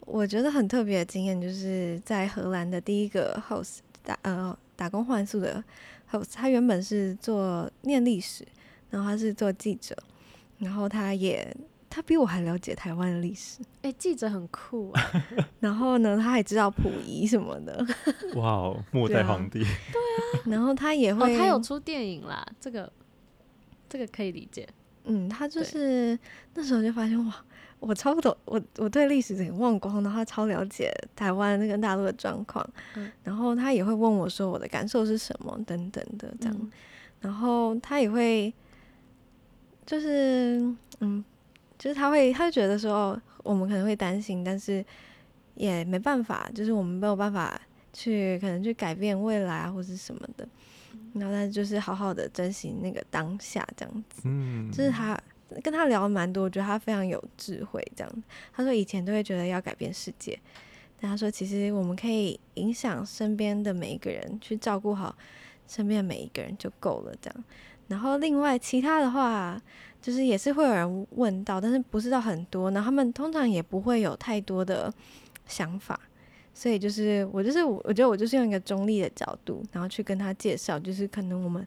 我覺得很特別的經驗，就是在荷蘭的第一個 host 打呃打工換宿的。他原本是做念歷史，然後他是做記者，然後他也他比我還了解台灣的歷史。哎，記者很酷啊！然後呢，他還知道溥儀什麼的。 哇、哦，末代皇帝。對啊。然後他也會、哦，他有出電影啦，這個這個可以理解。嗯，他就是對那時候就發現哇，我超不懂，我我對歷史挺忘光的，然後他超了解台灣那個大陸的狀況，嗯、然後他也會問我說我的感受是什麼等等的這樣，嗯、然後他也會就是嗯，就是他會，他就覺得說我們可能會擔心，但是也沒辦法，就是我們沒有辦法去可能去改變未來啊，或者什麼的。然後，但是就是好好的珍惜那個當下這樣子。就是他跟他聊的蠻多，我覺得他非常有智慧這樣。他說以前都會覺得要改變世界，但他說其實我們可以影響身邊的每一個人，去照顧好身邊的每一個人就夠了這樣。然後另外其他的話，就是也是會有人問到，但是不是到很多，然後他們通常也不會有太多的想法。所以就是我，就是我就，覺得我就是用一個中立的角度，然後去跟他介紹，就是可能我們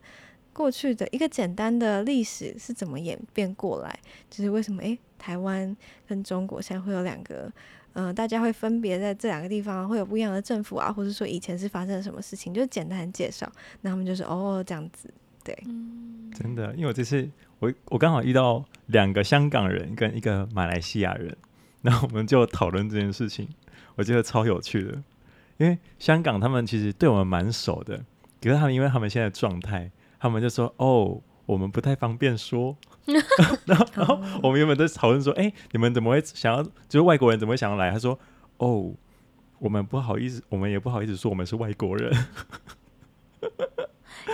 過去的一個簡單的歷史是怎麼演變過來，就是為什麼誒、欸、台灣跟中國現在會有兩個，嗯、呃，大家會分別在這兩個地方、啊、會有不一樣的政府啊，或是說以前是發生了什麼事情，就是簡單介紹，那我們就是哦這樣子，對，嗯、真的，因為我這次我我剛好遇到兩個香港人跟一個馬來西亞人，然後我們就討論這件事情。我覺得超有趣的，因為香港他們其實對我們蠻熟的，可是他們因為他們現在狀態，他們就說：“哦，我們不太方便說。”然後然後我們原本在討論說：“哎、欸，你們怎麼會想要就是外國人怎麼會想要來？”他說：“哦，我們不好意思，我們也不好意思說我們是外國人。 ”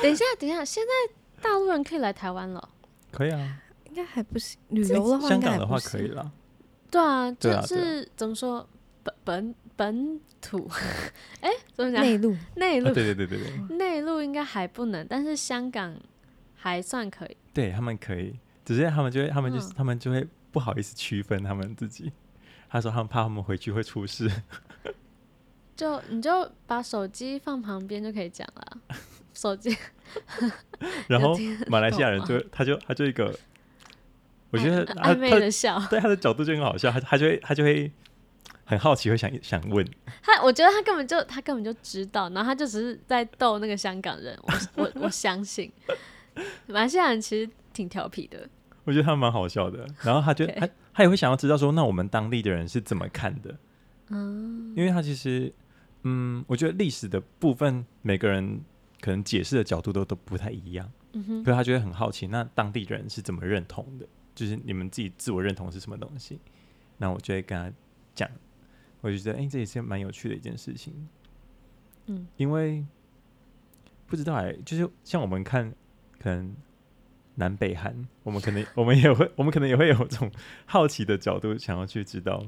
等一下，等一下，現在大陸人可以來台灣了？可以啊，應該還不行，旅遊的話、欸，香港的話可以了。對啊，就是怎麼說？本本本土，哎、欸，怎麼講？內陸陸，內陸陸、啊，對對對對對。內陸應該還不能，但是香港還算可以。對他們可以，只是他們就會，他們就是嗯、他們就會不好意思區分他們自己。他說他們怕他們回去會出事。就你就把手機放旁邊就可以講了，手機。然後馬來西亞人就他就他就一個，我覺得很、嗯、曖昧的笑，對他的角度就很好笑，他他就會他就會。很好奇會想想問他，我覺得他根本就他根本就知道，然後他就只是在逗那個香港人。我我，我相信 馬來西亞人其實挺調皮的，我覺得他蠻好笑的。然後他就 Okay. 他他也會想要知道說，那我們當地的人是怎麼看的？嗯，因為他其實嗯，我覺得歷史的部分每個人可能解釋的角度都都不太一樣。嗯哼，所以他覺得很好奇，那當地人是怎麼認同的？就是你們自己自我認同是什麼東西？那我就會跟他講。我就覺得，哎、欸，這也是蠻有趣的一件事情。嗯，因為不知道哎、欸，就是像我們看，可能南北韓，我們可能 我們也會，我們可能也會有這種好奇的角度，想要去知道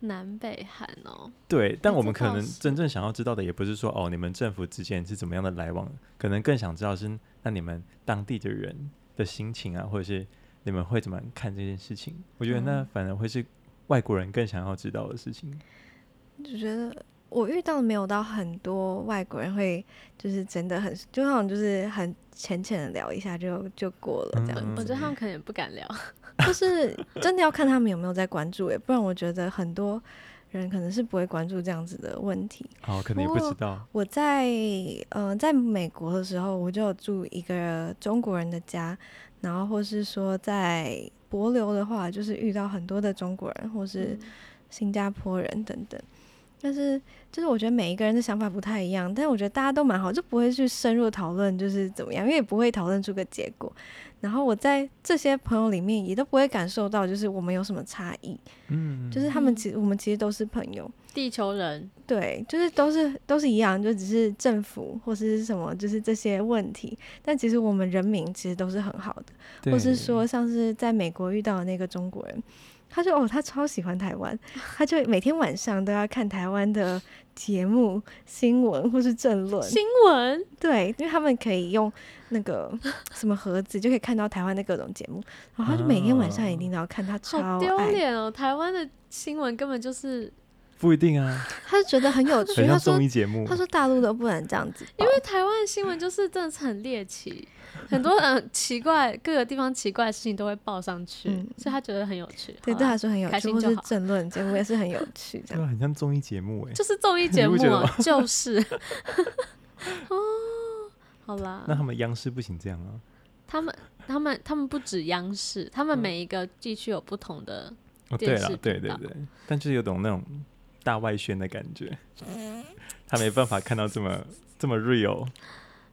南北韓哦。對，但我們可能真正想要知道的，也不是說哦，你們政府之間是怎麼樣的來往，可能更想知道是那你們當地的人的心情啊，或者是你們會怎麼看這件事情。我覺得那反而會是。外國人更想要知道的事情，就覺得我遇到沒有到很多外國人會就是真的很，就好像就是很淺淺的聊一下就，就過了這樣，我覺得他們可能也不敢聊，就是真的要看他們有沒有在關注哎， 不然我覺得很多人可能是不會關注這樣子的問題。哦，可能也不知道。我在呃，在美國的時候，我就住一個中國人的家，然後或是說在。帛琉的話，就是遇到很多的中國人，或是新加坡人等等。但是，就是我覺得每一個人的想法不太一樣，但是我覺得大家都蠻好，就不會去深入討論就是怎麼樣，因為也不會討論出個結果。然後我在這些朋友裡面，也都不會感受到就是我們有什麼差異，嗯，就是他們其實、嗯、我們其實都是朋友，地球人，對，就是都是都是一樣，就只是政府或是什麼，就是這些問題。但其實我們人民其實都是很好的，對或是說像是在美國遇到的那個中國人。他說：“哦，他超喜歡台灣，他就每天晚上都要看台灣的節目、新聞或是政論新聞。對，因為他們可以用那個什麼盒子，就可以看到台灣的各種節目。 然後他就每天晚上一定都要看，他超丟臉哦！台灣的新聞根本就是……”不一定啊，他就覺得很有趣。 很多綜藝節目他，他說大陸都不能這樣子， 因為台灣新聞就是真的是很獵奇，很多很奇怪，各個地方奇怪的事情都會報上去， 所以他覺得很有趣。嗯、啦對，對他說很有趣，開心就是政論節目也是很有趣，對， 很像綜藝節目哎、欸，就是綜藝節目就是。 哦，好啦，那他們央視不行這樣啊？他們、他們、他們不止央視，他們每一個地區有不同的電視頻道、哦、對，啦對對對，但就是有種那種。大外宣的感覺，他、嗯、沒辦法看到這麼這麼 real，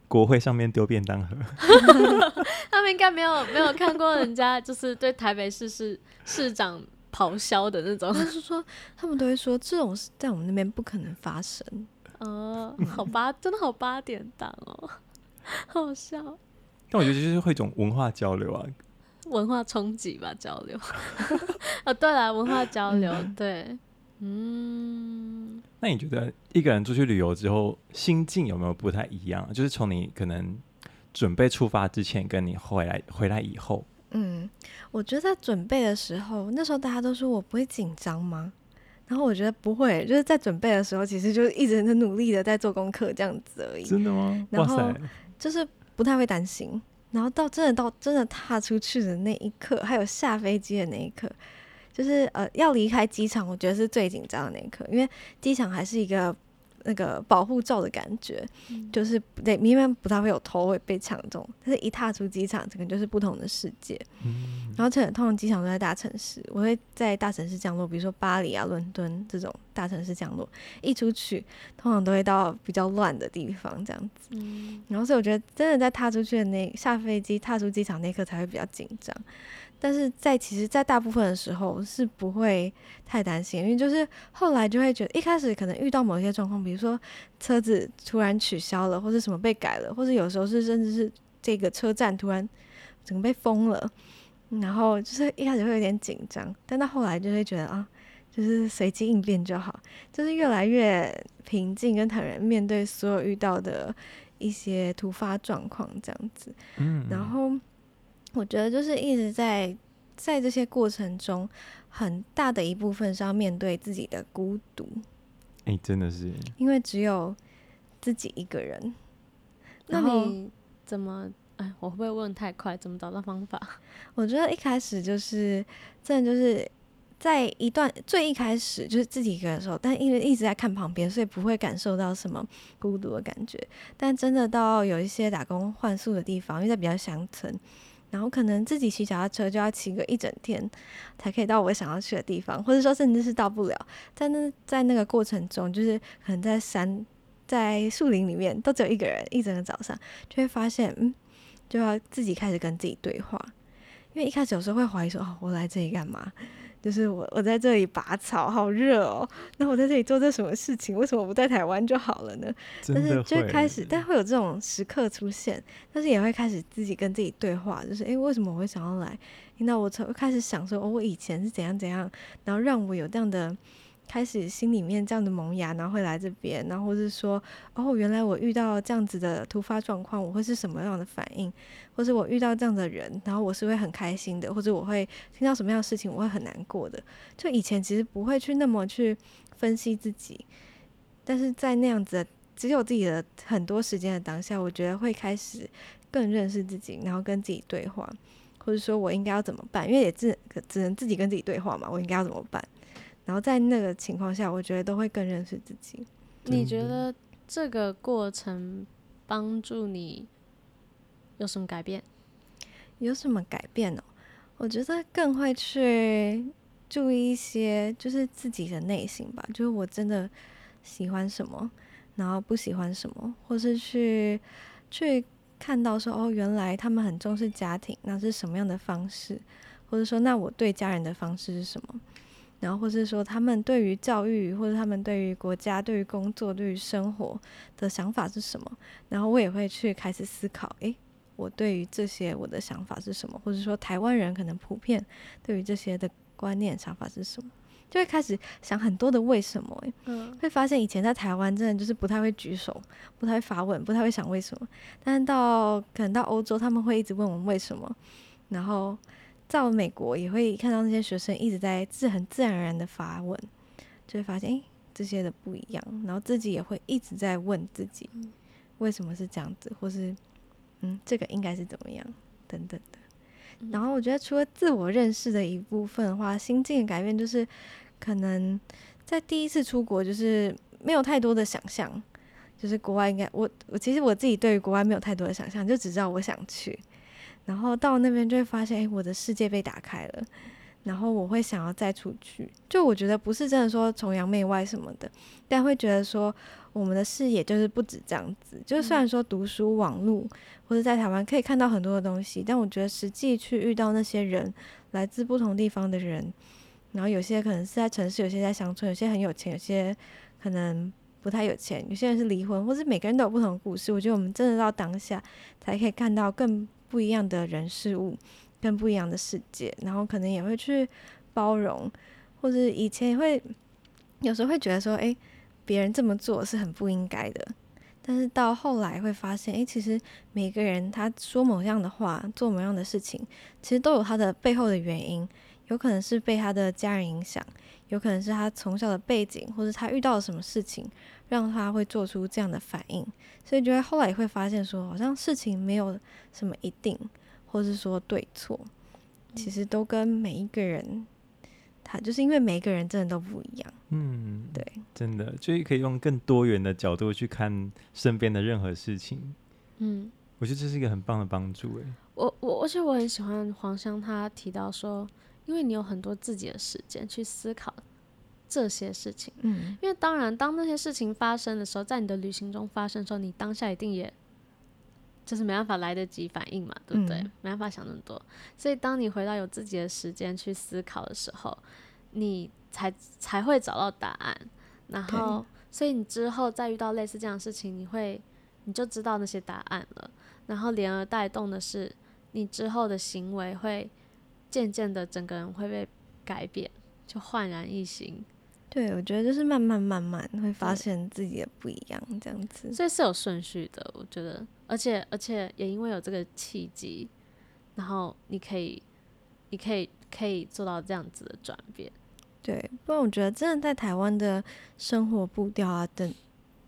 國會上面丟便當盒， 他們應該沒有沒有看過人家就是對台北市市市長咆哮的那種，他就是說他們都會說這種事在我們那邊不可能發生。哦、嗯，好吧，真的好八點檔哦，好笑，但我覺得就是會一種文化交流啊，文化衝擊吧交流。啊、 哦、對了文化交流、嗯、對。嗯，那你覺得一個人出去旅遊之後心境有沒有不太一樣？就是從你可能準備出發之前，跟你回來回來以後。嗯，我覺得在準備的時候，那時候大家都說我不會緊張嗎？然後我覺得不會，就是在準備的時候，其實就一直很努力的在做功課這樣子而已。真的嗎？然後，哇塞，就是不太會擔心。然後到真的到真的踏出去的那一刻，還有下飛機的那一刻。就是呃，要離開機場，我覺得是最緊張的那一刻，因為機場還是一個那個保護罩的感覺，嗯、就是對，明明不太會有偷會被搶中，但是一踏出機場，整個就是不同的世界。嗯、然後，通常機場都在大城市，我會在大城市降落，比如說巴黎啊、倫敦這種大城市降落，一出去通常都會到比較亂的地方這樣子。嗯、然後，所以我覺得真的在踏出去的那下飛機、踏出機場那一刻才會比較緊張。但是在其實，在大部分的時候是不會太擔心，因為就是後來就會覺得，一開始可能遇到某些狀況，比如說車子突然取消了，或者什麼被改了，或者有時候是甚至是這個車站突然整個被封了，然後就是一開始會有點緊張，但到後來就會覺得啊，就是隨機應變就好，就是越來越平靜跟坦然面對所有遇到的一些突發狀況這樣子，嗯，然後。我覺得就是一直在在這些過程中，很大的一部分是要面對自己的孤獨。哎，欸，真的是，因為只有自己一個人。那你然後怎麼哎？我會不會問太快？怎麼找到方法？我覺得一開始就是真的，就是在一段最一開始就是自己一個人的時候，但因為一直在看旁邊，所以不會感受到什麼孤獨的感覺。但真的到有一些打工換宿的地方，因為在比較鄉村。然後可能自己騎腳踏車就要騎個一整天，才可以到我想要去的地方，或者說甚至是到不了。在那在那個過程中，就是可能在山、在樹林裡面，都只有一個人，一整個早上就會發現，嗯，就要自己開始跟自己對話，因為一開始有時候會懷疑說，哦，我來這裡幹嘛？就是我我在這裡拔草，好熱哦。那我在這裡做這什麼事情？為什麼我不在台灣就好了呢？真的，但是就開始，但會有這種時刻出現，但是也會開始自己跟自己對話，就是哎，為什麼我會想要來？那我從開始想說，哦，我以前是怎樣怎樣，然後讓我有這樣的。開始心裡面這樣的萌芽，然後會來這邊，然後或是說，哦，原來我遇到這樣子的突發狀況，我會是什麼樣的反應，或是我遇到這樣的人，然後我是會很開心的，或者我會聽到什麼樣的事情，我會很難過的。就以前其實不會去那麼去分析自己，但是在那樣子只有自己的很多時間的當下，我覺得會開始更認識自己，然後跟自己對話，或者說我應該要怎麼辦？因為也只能只能自己跟自己對話嘛，我應該要怎麼辦？然後在那個情況下，我覺得都會更認識自己。你覺得這個過程幫助你有什麼改變？有什麼改變呢、喔？我覺得更會去注意一些，就是自己的內心吧。就是我真的喜歡什麼，然後不喜歡什麼，或是去去看到說哦，原來他們很重視家庭，那是什麼樣的方式？或者說，那我對家人的方式是什麼？然後，或是說他們對於教育，或者他們對於國家、對於工作、對於生活的想法是什麼？然後我也會去開始思考，哎，我對於這些我的想法是什麼？或者說台灣人可能普遍對於這些的觀念想法是什麼？就會開始想很多的為什麼、欸？嗯。會發現以前在台灣真的就是不太會舉手，不太會發問，不太會想為什麼。但到可能到歐洲，他們會一直問我們為什麼，然後。在美國也會看到那些學生一直在自很自然而然的發問，就會發現誒、欸、這些的不一樣，然後自己也會一直在問自己為什麼是這樣子，或是嗯這個應該是怎麼樣等等的。然後我覺得除了自我認識的一部分的話，心境的改變就是可能在第一次出國就是沒有太多的想象，就是國外應該我我其實我自己對於國外沒有太多的想象，就只知道我想去。然後到那邊就會發現，誒，我的世界被打開了。然後我會想要再出去，就我覺得不是真的說崇洋媚外什麼的，但會覺得說我們的視野就是不止這樣子。就是雖然說讀書、網絡或者在台灣可以看到很多的東西，但我覺得實際去遇到那些人，來自不同地方的人，然後有些可能是在城市，有些在鄉村，有些很有錢，有些可能不太有錢，有些人是離婚，或者每個人都有不同的故事。我覺得我們真的到當下才可以看到更不一樣的人事物，跟不一樣的世界，然後可能也會去包容，或者以前也會有時候會覺得說，欸，別人這麼做是很不應該的，但是到後來會發現，欸，其實每個人他說某樣的話，做某樣的事情，其實都有他的背後的原因。有可能是被他的家人影響，有可能是他從小的背景，或者他遇到了什麼事情，讓他會做出這樣的反應。所以就會後來也會發現說，說好像事情沒有什麼一定，或者是說對錯，其實都跟每一個人，嗯、他就是因為每一個人真的都不一樣。嗯，對，真的，所以可以用更多元的角度去看身邊的任何事情。嗯，我覺得這是一個很棒的幫助。欸。誒，我我而且我很喜歡黃香，他提到說。因為你有很多自己的時間去思考這些事情，嗯、因為當然，當那些事情發生的時候，在你的旅行中發生的時候，你當下一定也，就是沒辦法來得及反應嘛，對不對？嗯、沒辦法想那麼多，所以當你回到有自己的時間去思考的時候，你才才會找到答案，然後，對所以你之後再遇到類似這樣的事情，你會你就知道那些答案了，然後連而帶動的是你之後的行為會。漸漸的，整個人會被改變，就煥然一新。對，我覺得就是慢慢慢慢會發現自己的不一樣，這樣子。所以是有順序的，我覺得。而且，而且也因為有這個契機，然後你可以，你可以可以做到這樣子的轉變。對，不然我覺得真的在台灣的生活步調啊，等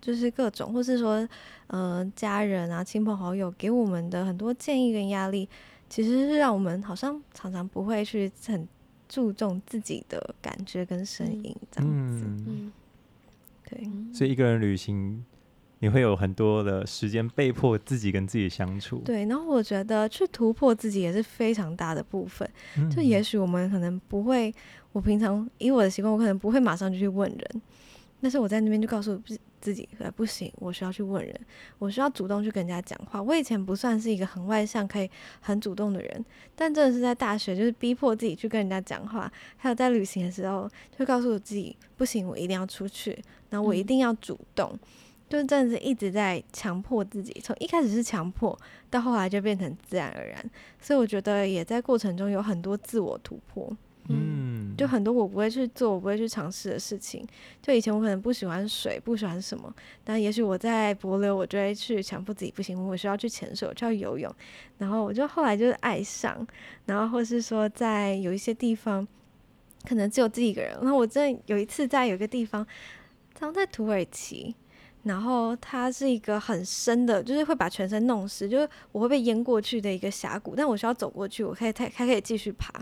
就是各種，或是說，呃，家人啊、親朋好友給我們的很多建議跟壓力。其實是讓我們好像常常不會去很注重自己的感覺跟聲音這樣子，嗯嗯、對。所以一個人旅行，你會有很多的時間被迫自己跟自己相處。對，然後我覺得去突破自己也是非常大的部分。嗯、就也許我們可能不會，我平常以我的習慣，我可能不會馬上就去問人，但是我在那邊就告訴不自己不行，我需要去問人，我需要主動去跟人家講話。我以前不算是一個很外向、可以很主動的人，但真的是在大學，就是逼迫自己去跟人家講話，還有在旅行的時候，就告訴我自己不行，我一定要出去，然後我一定要主動，嗯、就是真的是一直在強迫自己。從一開始是強迫，到後來就變成自然而然。所以我覺得也在過程中有很多自我突破。嗯。嗯就很多我不會去做，我不會去嘗試的事情。就以前我可能不喜歡水，不喜歡什麼，但也許我在帛琉，我就會去強迫自己不行，我需要去潛水，我需要游泳。然後我就後來就是愛上，然後或是說在有一些地方，可能只有自己一個人。然後我真的有一次在有一個地方，好像在土耳其。然後它是一個很深的，就是會把全身弄濕，就是我會被淹過去的一個峽谷。但我需要走過去，我可以，還還可以繼續爬。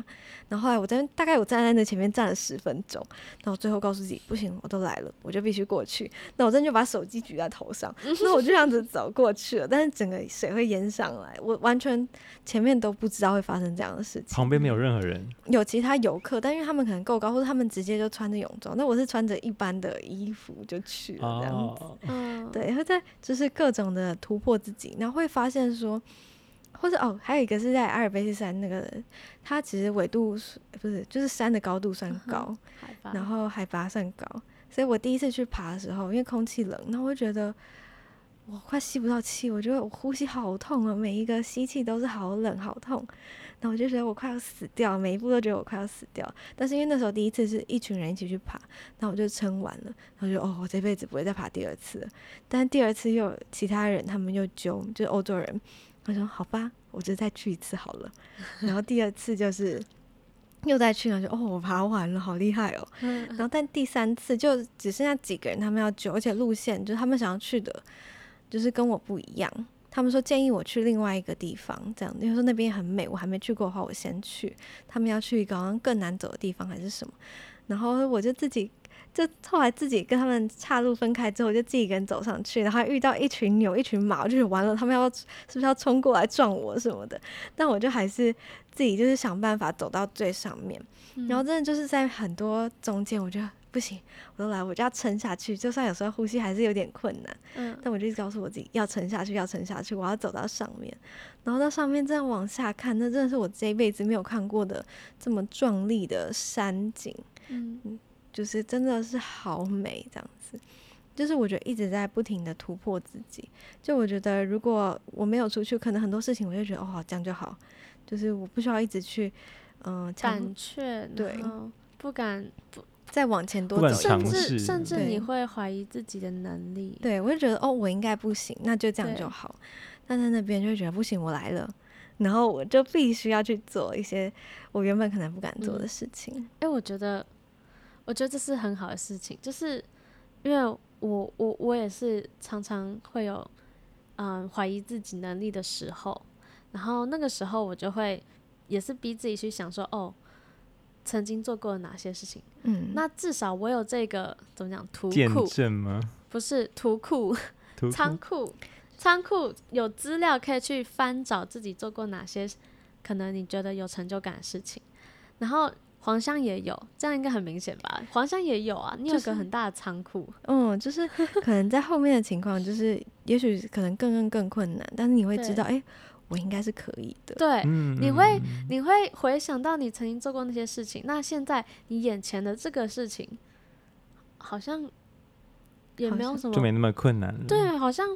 然後後來我在大概我站在那前面站了十分鐘。然後最後告訴自己，不行，我都來了，我就必須過去。那我真就把手機舉在頭上，那我就這樣子走過去了。但是整個水會淹上來，我完全前面都不知道會發生這樣的事情。旁邊沒有任何人，有其他遊客，但因為他們可能夠高，或者他們直接就穿着泳裝。那我是穿着一般的衣服就去了，這樣子。嗯、對，會在就是各種的突破自己，然後會發現說，或者哦，還有一個是在阿爾卑斯山那個，它其實緯度不是，就是山的高度算高，嗯、海拔，然後海拔算高，所以我第一次去爬的時候，因為空氣冷，那我會覺得我快吸不到氣，我覺得我呼吸好痛啊，每一個吸氣都是好冷好痛。那我就覺得我快要死掉，每一步都覺得我快要死掉。但是因為那時候第一次是一群人一起去爬，那我就撐完了，然後就哦，我這輩子不會再爬第二次了。但是第二次又有其他人他們又揪，就是歐洲人，我說好吧，我就再去一次好了。 然後第二次就是又再去，然後就哦，我爬完了，好厲害哦。嗯，然後但第三次就只剩下幾個人，他們要揪，而且路線就是他們想要去的，就是跟我不一樣。他們說建議我去另外一個地方，這樣，因為就是說那邊很美，我還沒去過的話，我先去。他們要去一個好像更難走的地方還是什麼，然後我就自己，就後來自己跟他們岔路分開之後，我就自己一個人走上去，然後遇到一群牛一群馬，就就完了，他們要是不是要衝過來撞我什麼的，但我就還是自己就是想辦法走到最上面，嗯、然後真的就是在很多中間，我就。不行，我都來，我就要撐下去。就算有時候呼吸還是有點困難，嗯，但我就一直告訴我自己要撐下去，要撐下去，我要走到上面。然後到上面再往下看，那真的是我這輩子沒有看過的這麼壯麗的山景，嗯，就是真的是好美，這樣子。就是我覺得一直在不停的突破自己。就我覺得如果我沒有出去，可能很多事情我就覺得哦這樣就好，就是我不需要一直去，嗯、呃，膽怯，感覺，對，不敢不再往前多走，甚至甚至你會懷疑自己的能力。對，我就覺得哦，我應該不行，那就這樣就好。對但在那邊就會覺得不行，我來了，然後我就必須要去做一些我原本可能不敢做的事情。誒、嗯欸，我覺得，我覺得這是很好的事情，就是因為我我我也是常常會有嗯懷、呃、疑自己能力的時候，然後那個時候我就會也是逼自己去想說哦。曾經做過哪些事情？嗯，那至少我有這個怎麼講圖庫？見證嗎？不是圖庫，倉庫庫，倉庫有資料可以去翻找自己做過哪些可能你覺得有成就感的事情。然後黃香也有，這樣應該很明顯吧？黃香也有啊，你有一個很大的倉庫。嗯、就是哦，就是可能在後面的情況，就是 也許可能更更更困難，但是你會知道，哎對。欸我應該是可以的。對，你會你會回想到你曾經做過那些事情，那現在你眼前的這個事情，好像也沒有什麼，就沒那麼困難了。對，好像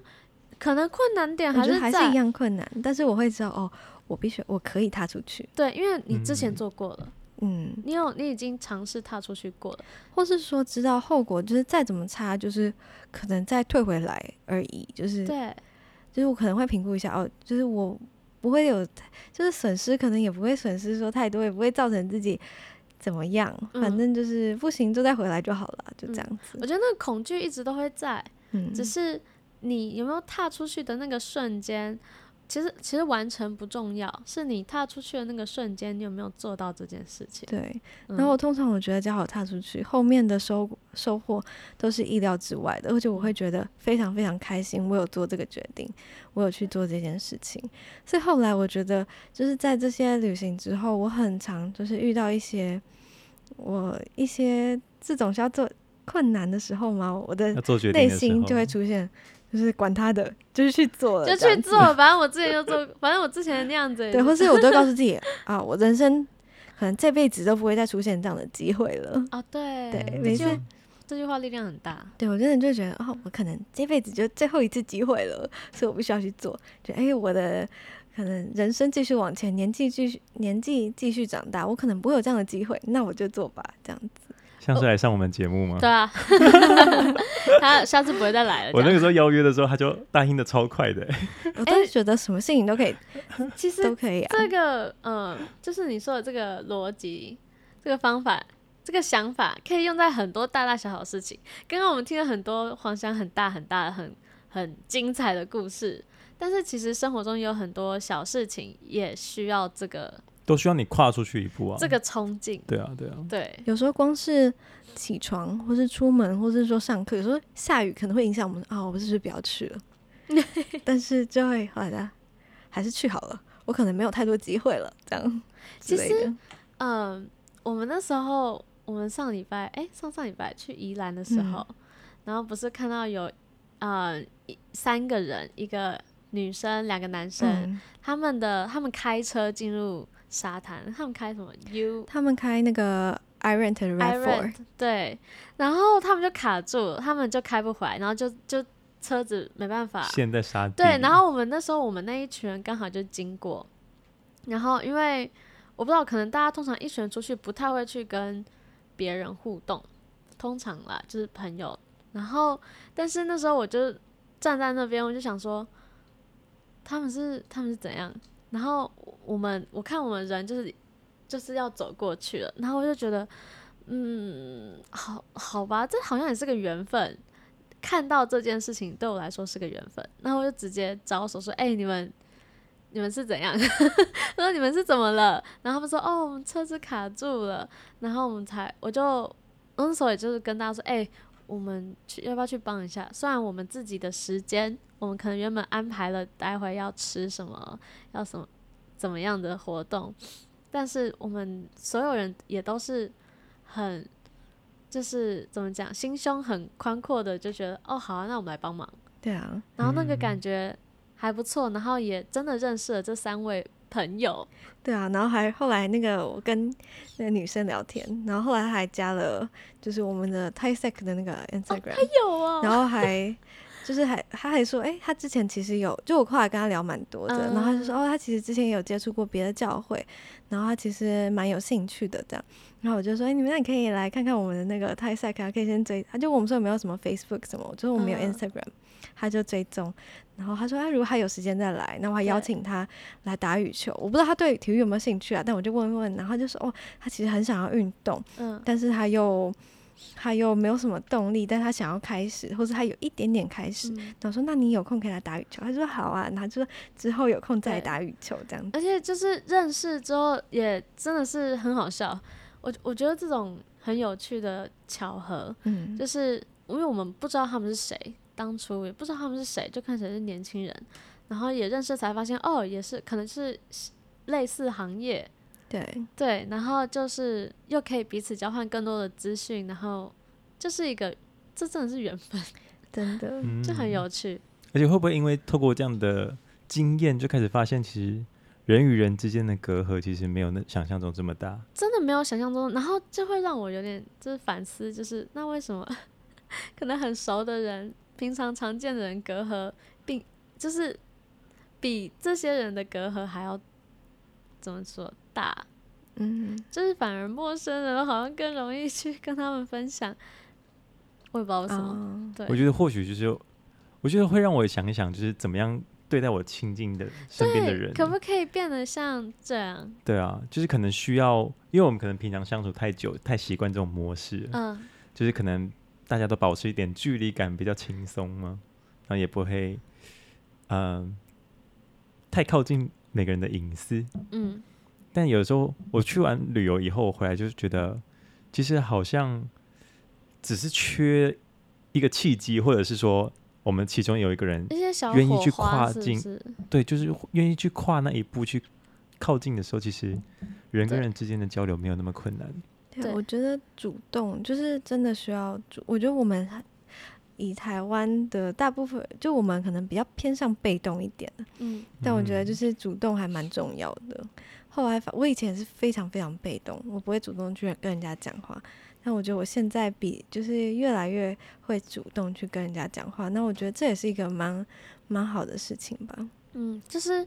可能困難點還是還是一樣困難，但是我會知道，哦，我必須我可以踏出去。對，因為你之前做過了，嗯，你有你已經嘗試踏出去過了，或是說知道後果，就是再怎麼差，就是可能再退回來而已，就是對。就是我可能會評估一下哦，就是我不會有，就是損失可能也不會損失說太多，也不會造成自己怎麼樣，反正就是不行就再回來就好了，就這樣子。嗯，我覺得那個恐懼一直都會在，嗯，只是你有沒有踏出去的那個瞬間。其實其實完成不重要，是你踏出去的那個瞬間，你有沒有做到這件事情？對。然後我通常我覺得，只要我踏出去，嗯，後面的收收穫都是意料之外的，而且我會覺得非常非常開心，我有做這個決定，我有去做這件事情。所以後來我覺得，就是在這些旅行之後，我很常就是遇到一些我一些這種需要做困難的時候嘛，我的內心就會出現，就是管他的，就是去做了，就去做。反正我之前就做， 反正我之前的那樣子。對，或是我都告訴自己啊，我人生可能這輩子都不會再出現這樣的機會了。啊，對，對，沒錯，這句話力量很大。對，我真的就覺得哦，我可能這輩子就最後一次機會了，所以我必須要去做。就哎、欸，我的可能人生繼續往前，年紀繼續年紀繼續長大，我可能不會有這樣的機會，那我就做吧，這樣子。像是來上我們節目嗎、哦？對啊， 他下次不會再來了。 我那個時候邀約的時候，他就答應的超快的。我都覺得什麼事情都可以，其實、欸、都可以、啊。這個，嗯，就是你說的這個邏輯、這個方法、這個想法，可以用在很多大大小小的事情。剛剛我們聽了很多、很響很大、很大很大很，很精彩的故事，但是其實生活中也有很多小事情也需要這個。都需要你跨出去一步啊！這個衝勁，對啊，對啊，對啊，對。有時候光是起床，或是出門，或是說上課，有時候下雨可能會影響我們啊、哦，我是不是不要去了？ 但是就會好的，還是去好了。我可能沒有太多機會了，這樣之類，嗯，我們那時候，我們上禮拜，哎、欸，上上禮拜去宜蘭的時候，嗯、然後不是看到有啊、呃、三個人，一個女生，兩個男生，嗯、他們的他們開車進入。沙灘，他們開什麼？U，他們開那個 Irent Red Four 對，然後他們就卡住了，他們就開不回來，然後就就車子沒辦法。現在沙對，然後我們那時候我們那一群人剛好就經過，然後因為我不知道，可能大家通常一群人出去不太會去跟別人互動，通常啦就是朋友，然後但是那時候我就站在那邊，我就想說他們是他們是怎樣？然後我們我看我們人就是就是要走過去了，然後我就覺得，嗯，好好吧，這好像也是個緣分。看到這件事情對我來說是個緣分，然後我就直接招手說：“哎、欸，你們你們是怎樣？ 他說：你們是怎麼了？”然後他們說：“哦，我們車子卡住了。”然後我們才我就那時候也就是跟大家說：“哎、欸。”我們去要不要去幫一下？雖然我們自己的時間，我們可能原本安排了待會要吃什麼，要什麼怎麼樣的活動，但是我們所有人也都是很，就是怎麼講，心胸很寬闊的，就覺得，哦，好啊，那我們來幫忙。對啊，然後那個感覺還不錯，然後也真的認識了這三位朋友，對啊，然後還後來那個我跟那個女生聊天，然後後來他還加了就是我們的 TaiSec 的那個 Instagram、哦、還有哦然後還就是還他 還說，哎、欸，他之前其實有，就我後來跟他聊蠻多的，嗯、然後他就說，哦，他其實之前也有接觸過別的教會，然後他其實蠻有興趣的這樣，然後我就說，哎、欸，你們那你可以來看看我們的那個 TaiSec 啊，可以先追，他就問我們說有沒有什麼 Facebook 什麼，我說我沒有 Instagram。嗯他就追蹤，然後他說：“哎、啊，如果他有時間再來，那我還邀請他來打羽球。對我不知道他對體育有沒有興趣啊，但我就問問。然後就說：哦，他其實很想要運動，嗯，但是他又他又沒有什麼動力，但他想要開始，或者他有一點點開始。嗯、然後說：那你有空可以來打羽球？他說：好啊。然後就說之後有空再來打羽球對這樣子。而且就是認識之後也真的是很好笑。我我覺得這種很有趣的巧合，嗯，就是因為我們不知道他們是誰。”當初也不知道他們是誰，就看誰是年輕人，然後也認識才發現，哦，也是，可能是類似行業，對對，然後就是又可以彼此交換更多的資訊，然後就是一個，這真的是緣分，真的 就很有趣。而且會不會因為透過這樣的經驗，就開始發現，其實人與人之間的隔閡其實沒有那想象中這麼大？真的沒有想象中，然後就會讓我有點就是反思，就是那為什麼可能很熟的人？平常常見的人隔閡，並就是比這些人的隔閡還要怎麼說大？嗯哼，就是反而陌生的人好像更容易去跟他們分享，我也不知道為什麼。啊，對，我覺得或許就是，我覺得會讓我想一想，就是怎麼樣對待我親近的身邊的人，可不可以變得像這樣？對啊，就是可能需要，因為我們可能平常相處太久，太習慣這種模式。嗯，就是可能。大家都保持一點距離感比較輕鬆嘛。然後也不會，嗯、呃，太靠近每個人的隱私。嗯。但有時候我去完旅遊以後，我回來就是覺得，其實好像只是缺一個契機，或者是說，我們其中有一個人願意去跨進，是是對，就是願意去跨那一步去靠近的時候，其實人跟人之間的交流沒有那麼困難。對，對我覺得主動就是真的需要主，我覺得我們以台灣的大部分，就我們可能比較偏向被動一點。嗯，但我覺得就是主動還蠻重要的。嗯、後來我以前是非常非常被動，我不會主動去跟人家講話。但我覺得我現在比就是越來越會主動去跟人家講話。那我覺得這也是一個蠻蠻好的事情吧。嗯，就是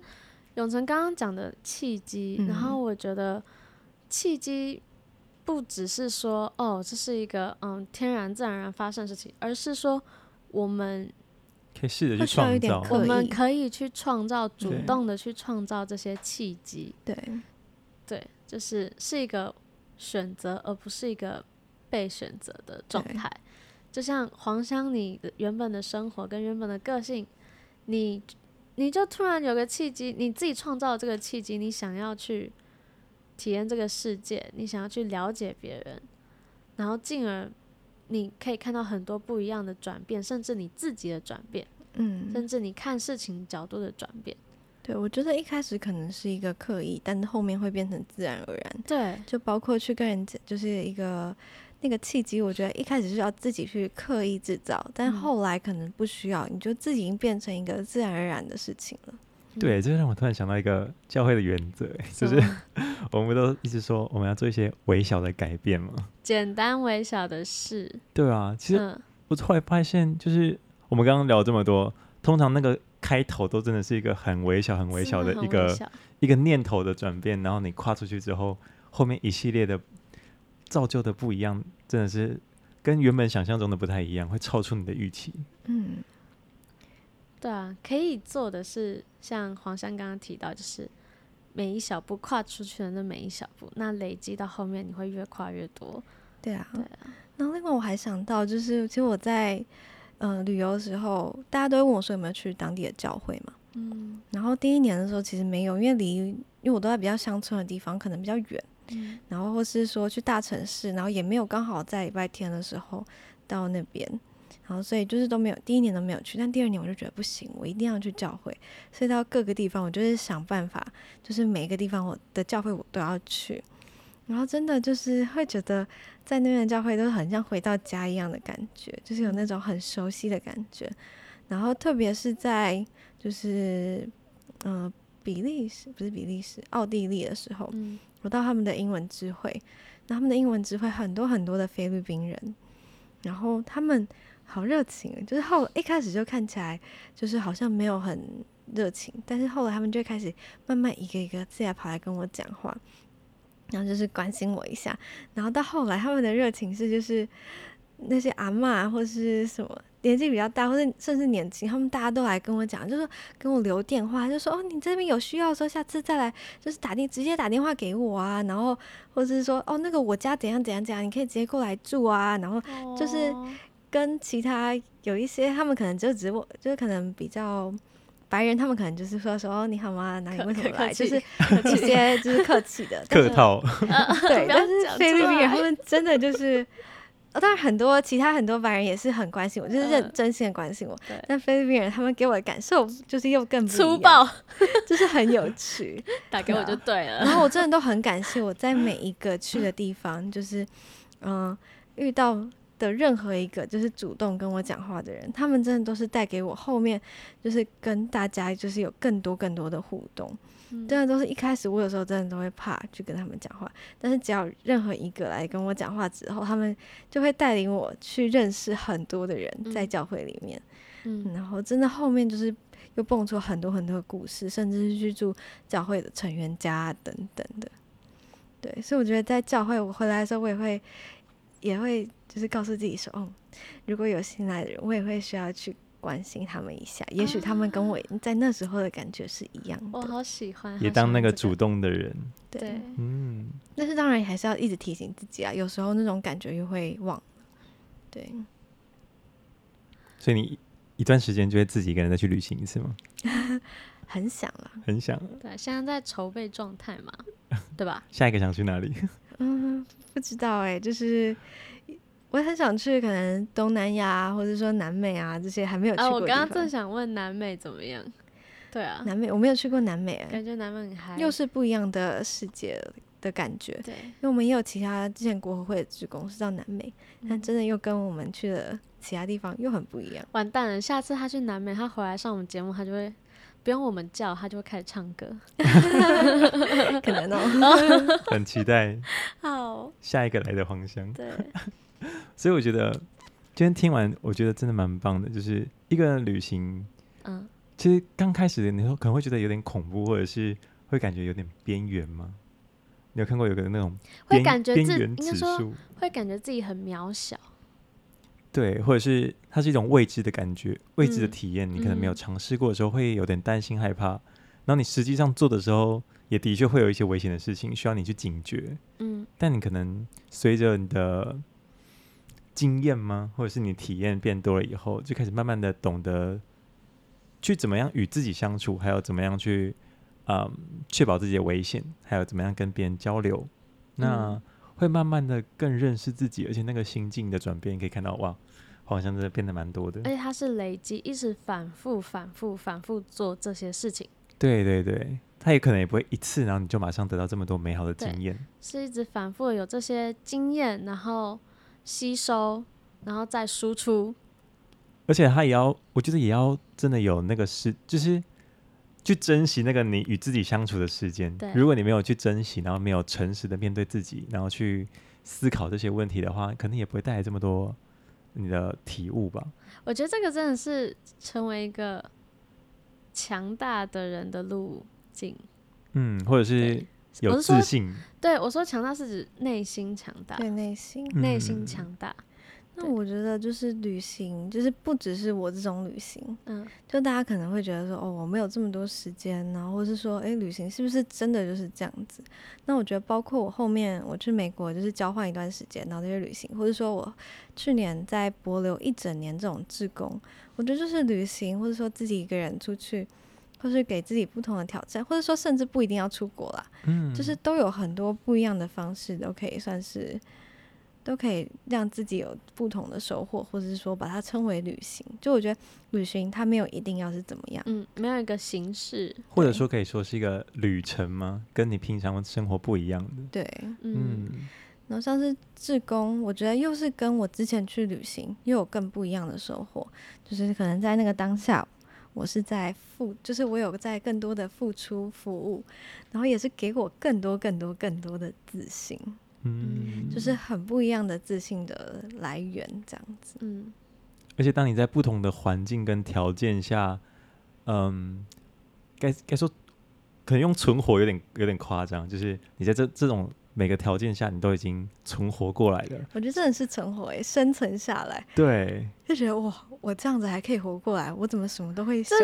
永成剛剛講的契機，嗯、然後我覺得契機，不只是說哦，這是一個嗯，天然自然而然發生的事情，而是說我們可以去創造，我們可以試着去創造，造，對造，主動的去創造這些契機。對，對，就是是一個選擇，而不是一個被選擇的狀態。對就像黃香，你原本的生活跟原本的個性，你你就突然有個契機，你自己創造的這個契機，你想要去。體驗這個世界，你想要去了解別人，然後進而你可以看到很多不一樣的轉變，甚至你自己的轉變，嗯，甚至你看事情角度的轉變。對，我覺得一開始可能是一個刻意，但後面會變成自然而然。對，就包括去跟人，就是一個那個契機。我覺得一開始是要自己去刻意制造，但後來可能不需要，嗯、你就自己已經變成一個自然而然的事情了。對，這讓我突然想到一個教會的原則，嗯、就是我們都一直說我們要做一些微小的改變嘛，簡單微小的事。對啊，其實我突然發現，就是我們剛剛聊這麼多，通常那個開頭都真的是一個很微小、很微小的一個一個念頭的轉變，然後你跨出去之後，後面一系列的造就的不一樣，真的是跟原本想象中的不太一樣，會超出你的預期。嗯。對啊，可以做的是像黃湘剛剛提到，就是每一小步跨出去的那每一小步，那累積到後面你會越跨越多。對啊，對啊。那另外我還想到，就是其實我在嗯、呃、旅遊的時候，大家都會問我說有沒有去當地的教會嘛？嗯。然後第一年的時候其實沒有，因為離，因為我都在比較鄉村的地方，可能比較遠。嗯。然後或是說去大城市，然後也沒有剛好在禮拜天的時候到那邊。然後，所以就是都沒有，第一年都沒有去，但第二年我就覺得不行，我一定要去教會。所以到各個地方，我就是想辦法，就是每一個地方我的教會我都要去。然後真的就是會覺得在那邊的教會都很像回到家一樣的感覺，就是有那種很熟悉的感覺。然後特別是在就是呃比利時不是比利時奧地利的時候，我到他們的英文聚會，那他們的英文聚會很多很多的菲律賓人，然後他們。好熱情，就是後來一開始就看起來就是好像沒有很熱情，但是後來他們就開始慢慢一個一個自己跑來跟我講話，然後就是關心我一下，然後到後來他們的熱情是就是那些阿嬤，或是什麼年紀比較大，或者甚至年輕，他們大家都來跟我講，就說、是、跟我留電話，就說哦你這邊有需要說下次再來就是打電直接打電話給我啊，然後或者是說哦那個我家怎樣怎樣怎樣，你可以直接過來住啊，然後就是。哦跟其他有一些，他們可能就只我，就是可能比較白人，他們可能就是說說哦，你好嗎？哪裡為什麼來？就是直接，就是客氣的 但客套。對，嗯、但是菲律賓人他們真的就是、哦，當然很多其他很多白人也是很關心我，就是很真心的關心我。嗯、但菲律賓人他們給我的感受就是又更粗暴， 就是很有趣， 打給我就對了。然後，然後我真的都很感謝，我在每一個去的地方，就是嗯遇到。有任何一個就是主動跟我講話的人，他們真的都是帶給我後面就是跟大家就是有更多更多的互動，嗯、真的都是一開始我有時候真的都會怕去跟他們講話，但是只要任何一個來跟我講話之後，他們就會帶領我去認識很多的人在教會裡面，嗯，然後真的後面就是又蹦出很多很多的故事，甚至是去住教會的成員家、啊、等等的，對，所以我覺得在教會我回來的時候我也會。也會就是告訴自己說，哦，如果有新來的人，我也會需要去關心他們一下。也許他們跟我在那時候的感覺是一樣的。我好喜歡，好喜歡這個、也當那個主動的人。對，嗯。但是當然還是要一直提醒自己啊，有時候那種感覺又會忘。對。所以你一段時間就會自己一個人再去旅行一次嗎？ 很想啊啦，很想了。對，現在在籌備狀態嘛， 對吧？下一個想去哪裡？嗯，不知道哎、欸，就是我很想去，可能東南亞、啊、或者說南美啊，這些還沒有去過、啊。我剛剛正想問南美怎麼樣？對啊，南美我沒有去過南美、欸，感覺南美很又是不一樣的世界的感覺，對，因為我們也有其他之前國合會的職工是到南美，嗯、但真的又跟我們去了其他地方又很不一樣。完蛋了，下次他去南美，他回來上我們節目，他就會。不用我們叫，他就會開始唱歌。可能哦， 很期待。 好，下一個來的方向。對， 所以我覺得今天聽完，我覺得真的蠻棒的。就是一個人旅行，嗯，其實剛開始的時候可能會覺得有點恐怖，或者是會感覺有點邊緣嗎？你有看過有個那種邊緣指數，會感覺自己很渺小。對，或者是它是一種未知的感覺，未知的體驗，你可能沒有嘗試過的時候會有點擔心害怕，嗯嗯、然後你實際上做的時候也的確會有一些危險的事情需要你去警覺，嗯，但你可能隨着你的經驗嗎，或者是你體驗變多了以後，就開始慢慢的懂得去怎麼樣與自己相處，還有怎麼樣去啊、嗯、確保自己的危險，還有怎麼樣跟別人交流，那。嗯會慢慢的更認識自己，而且那個心境的轉變，你可以看到，哇，好像真的變得蠻多的。而且他是累積，一直反復、反復、反復做這些事情。對對對，他也可能也不會一次，然後你就馬上得到這麼多美好的經驗。是一直反復的有這些經驗，然後吸收，然後再輸出。而且他也要，我覺得也要真的有那個是就是。去珍惜那個你與自己相處的時間。對，如果你沒有去珍惜，然後沒有誠實的面對自己，然後去思考這些問題的話，可能也不會帶來這麼多你的體悟吧。我覺得這個真的是成為一個強大的人的路徑。嗯，或者是有自信。對，對，我說強大是指內心強大，對，內心內心強大。嗯那我覺得就是旅行，就是不只是我這種旅行，嗯，就大家可能會覺得說，哦，我沒有這麼多時間呢、啊，或者是說，哎、欸，旅行是不是真的就是這樣子？那我覺得，包括我後面我去美國就是交換一段時間，然後去旅行，或者說我去年在帛琉一整年這種志工，我覺得就是旅行，或者說自己一個人出去，或是給自己不同的挑戰，或者說甚至不一定要出國啦，嗯，就是都有很多不一樣的方式都可以算是。都可以讓自己有不同的收穫，或者是說把它稱為旅行。就我覺得旅行它沒有一定要是怎麼樣，嗯，沒有一個形式，對或者說可以說是一個旅程嗎？跟你平常生活不一樣的，對，嗯。然後像是志工，我覺得又是跟我之前去旅行又有更不一樣的收穫，就是可能在那個當下，我是在付，就是我有在更多的付出服務，然後也是給我更多、更多、更多的自信。嗯，就是很不一樣的自信的來源，這樣子。嗯，而且當你在不同的環境跟條件下，嗯，該該說可能用存活有點有點誇張，就是你在這這種每個條件下，你都已經存活過來的。我覺得真的是存活，欸，生存下來。對，就覺得哇，我這樣子還可以活過來，我怎麼什麼都會修，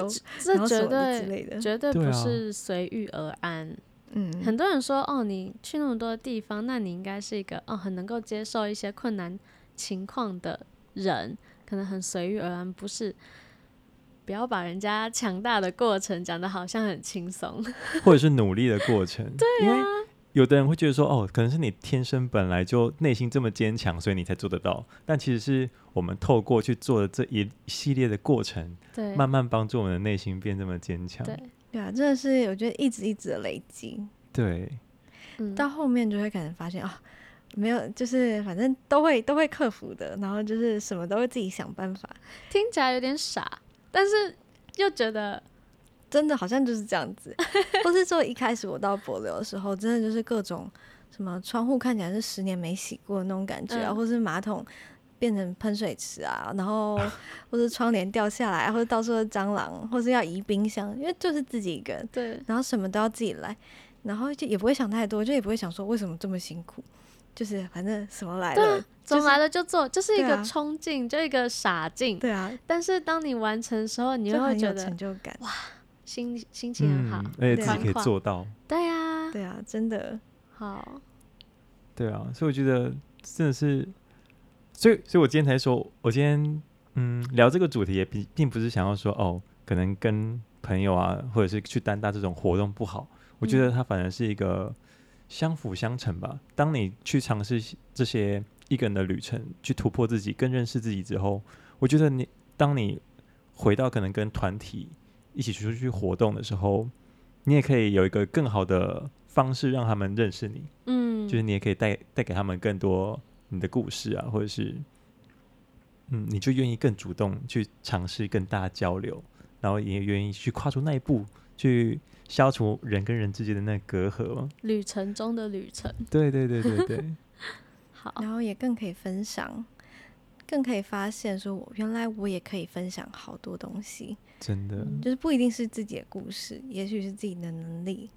這，這絕對，然後什麼之類的，絕對不是隨遇而安。嗯，很多人說哦，你去那麼多地方，那你應該是一個哦，很能夠接受一些困難情況的人，可能很隨遇而安。不是，不要把人家強大的過程講得好像很輕鬆，或者是努力的過程。 對啊，因為有的人會覺得說哦，可能是你天生本來就內心這麼堅強，所以你才做得到。但其實是我們透過去做的這一系列的過程，對慢慢幫助我們的內心變這麼堅強。對。對啊，真的是我覺得一直一直的累積，對，到後面就會感覺發現啊、哦，沒有，就是反正都會都會克服的，然後就是什麼都會自己想辦法，聽起來有點傻，但是又覺得真的好像就是這樣子， 或是說一開始我到柏林的時候，真的就是各種什麼窗戶看起來是十年沒洗過的那種感覺啊，嗯、或是馬桶。變成噴水池啊，然後或者窗簾掉下來，或者到處是蟑螂，或者要移冰箱，因為就是自己一個人，對，然後什麼都要自己來，然後就也不會想太多，就也不會想說為什麼這麼辛苦，就是反正什麼來了，麼對、就是、來了就做，就是一個衝勁，啊、就一個傻勁，對啊。但是當你完成的時候，你就會覺得哇，心心情很好，哎、嗯，而且自己可以做到，對啊，對啊，真的好，對啊，所以我覺得真的是。所以，所以我今天才說，我今天嗯聊這個主題也並並不是想要說哦，可能跟朋友啊，或者是去單搭這種活動不好，嗯，我覺得它反而是一個相輔相成吧。當你去嘗試這些一個人的旅程，去突破自己，更認識自己之後，我覺得你當你回到可能跟團體一起出去活動的時候，你也可以有一個更好的方式讓他們認識你，嗯，就是你也可以帶帶給他們更多，你的故事啊，或者是，嗯，你就願意更主動去嘗試跟大家交流，然後也願意去跨出那一步，去消除人跟人之間的那個隔閡嗎？旅程中的旅程，對，對對對對對， 好，然後也更可以分享，更可以發現，說我原來我也可以分享好多東西，真的，嗯，就是不一定是自己的故事，也許是自己的能力，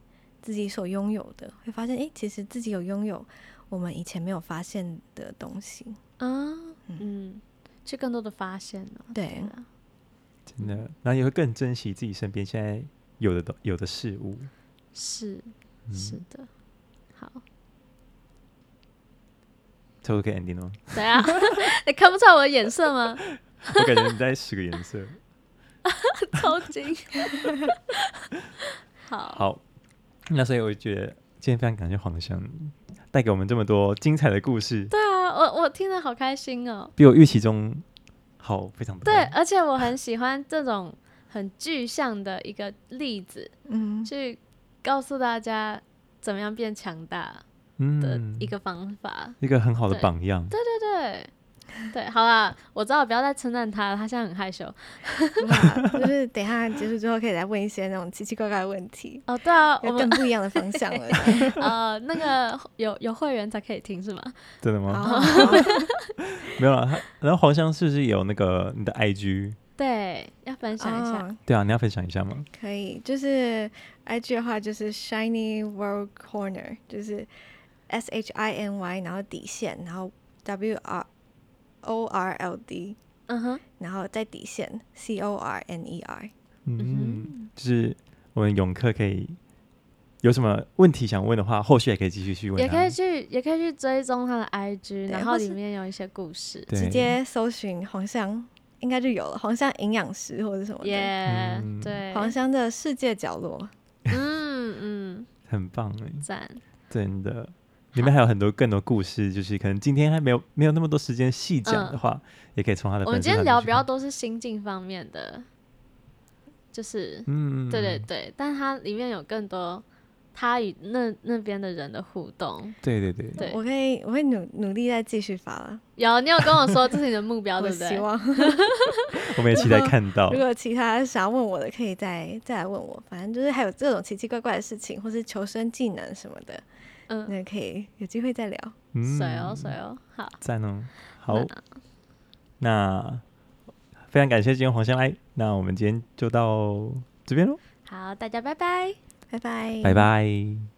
自己所擁有的，會發現，哎，欸，其實自己有擁有。我們以前沒有發現的東西啊，嗯，嗯，去更多的發現呢、喔？對，真的，然後也會更珍惜自己身邊現在有的東有的事物。是，嗯、是的，好。透過給 a n d 對啊，你看不出我的眼色嗎？ 我感覺你在使個顏色。 超精。 好。好，那所以我就覺得今天非常感謝黃香。帶給我們這麼多精彩的故事，對啊，我我聽得好開心哦，比我預期中好非常多。對，而且我很喜歡這種很具象的一個例子，嗯， 去告訴大家怎麼樣變強大的一個方法。嗯，一個很好的榜樣。對對對。對，好了，我知道我不要再稱讚他了，他現在很害羞。 就是等一下結束之後，可以再問一些那種奇奇怪怪的問題。哦，對啊，我們不一樣的方向了。呃，那個有有會員才可以聽是嗎？真的嗎？沒有啊。然後黃香是不是有那個你的 IG？對，要分享一下。哦、對啊，你要分享一下嗎？可以，就是 IG 的話就是 Shiny World Corner，就是 S, S H I N Y，然後底線，然後 W R。O R L D，嗯哼，然後在底線 C O R N E R，嗯，就是我們泳客可以有什麼問題想問的話，後續也可以繼續去問，也可以去，也可以去追蹤他的 I G，對然後裡面有一些故事，直接搜尋黃香，應該就有了。黃香營養師或者什麼耶，yeah, 嗯、對，黃香的世界角落，嗯嗯，嗯很棒誒，讚讚，真的。裡面還有很多更多故事，就是可能今天還沒有沒有那麼多時間細講的話，也可以從他的。我們今天聊比較多是心境方面的，就是嗯，對對對，但是他裡面有更多他與那那邊的人的互動。對對對，我可以我會努努力再繼續發了。有你有跟我說這是你的目標，對不對？希望我沒有期待看到。如果其他想要問我的，可以再再來問我。反正就是還有這種奇奇怪怪的事情，或是求生技能什麼的。嗯，那可以有機會再聊。嗯，水哦水哦，好再呢、哦、好。那，那非常感謝今天黃香來，那我們今天就到這邊嘍。好，大家拜拜，拜拜，拜拜。拜拜。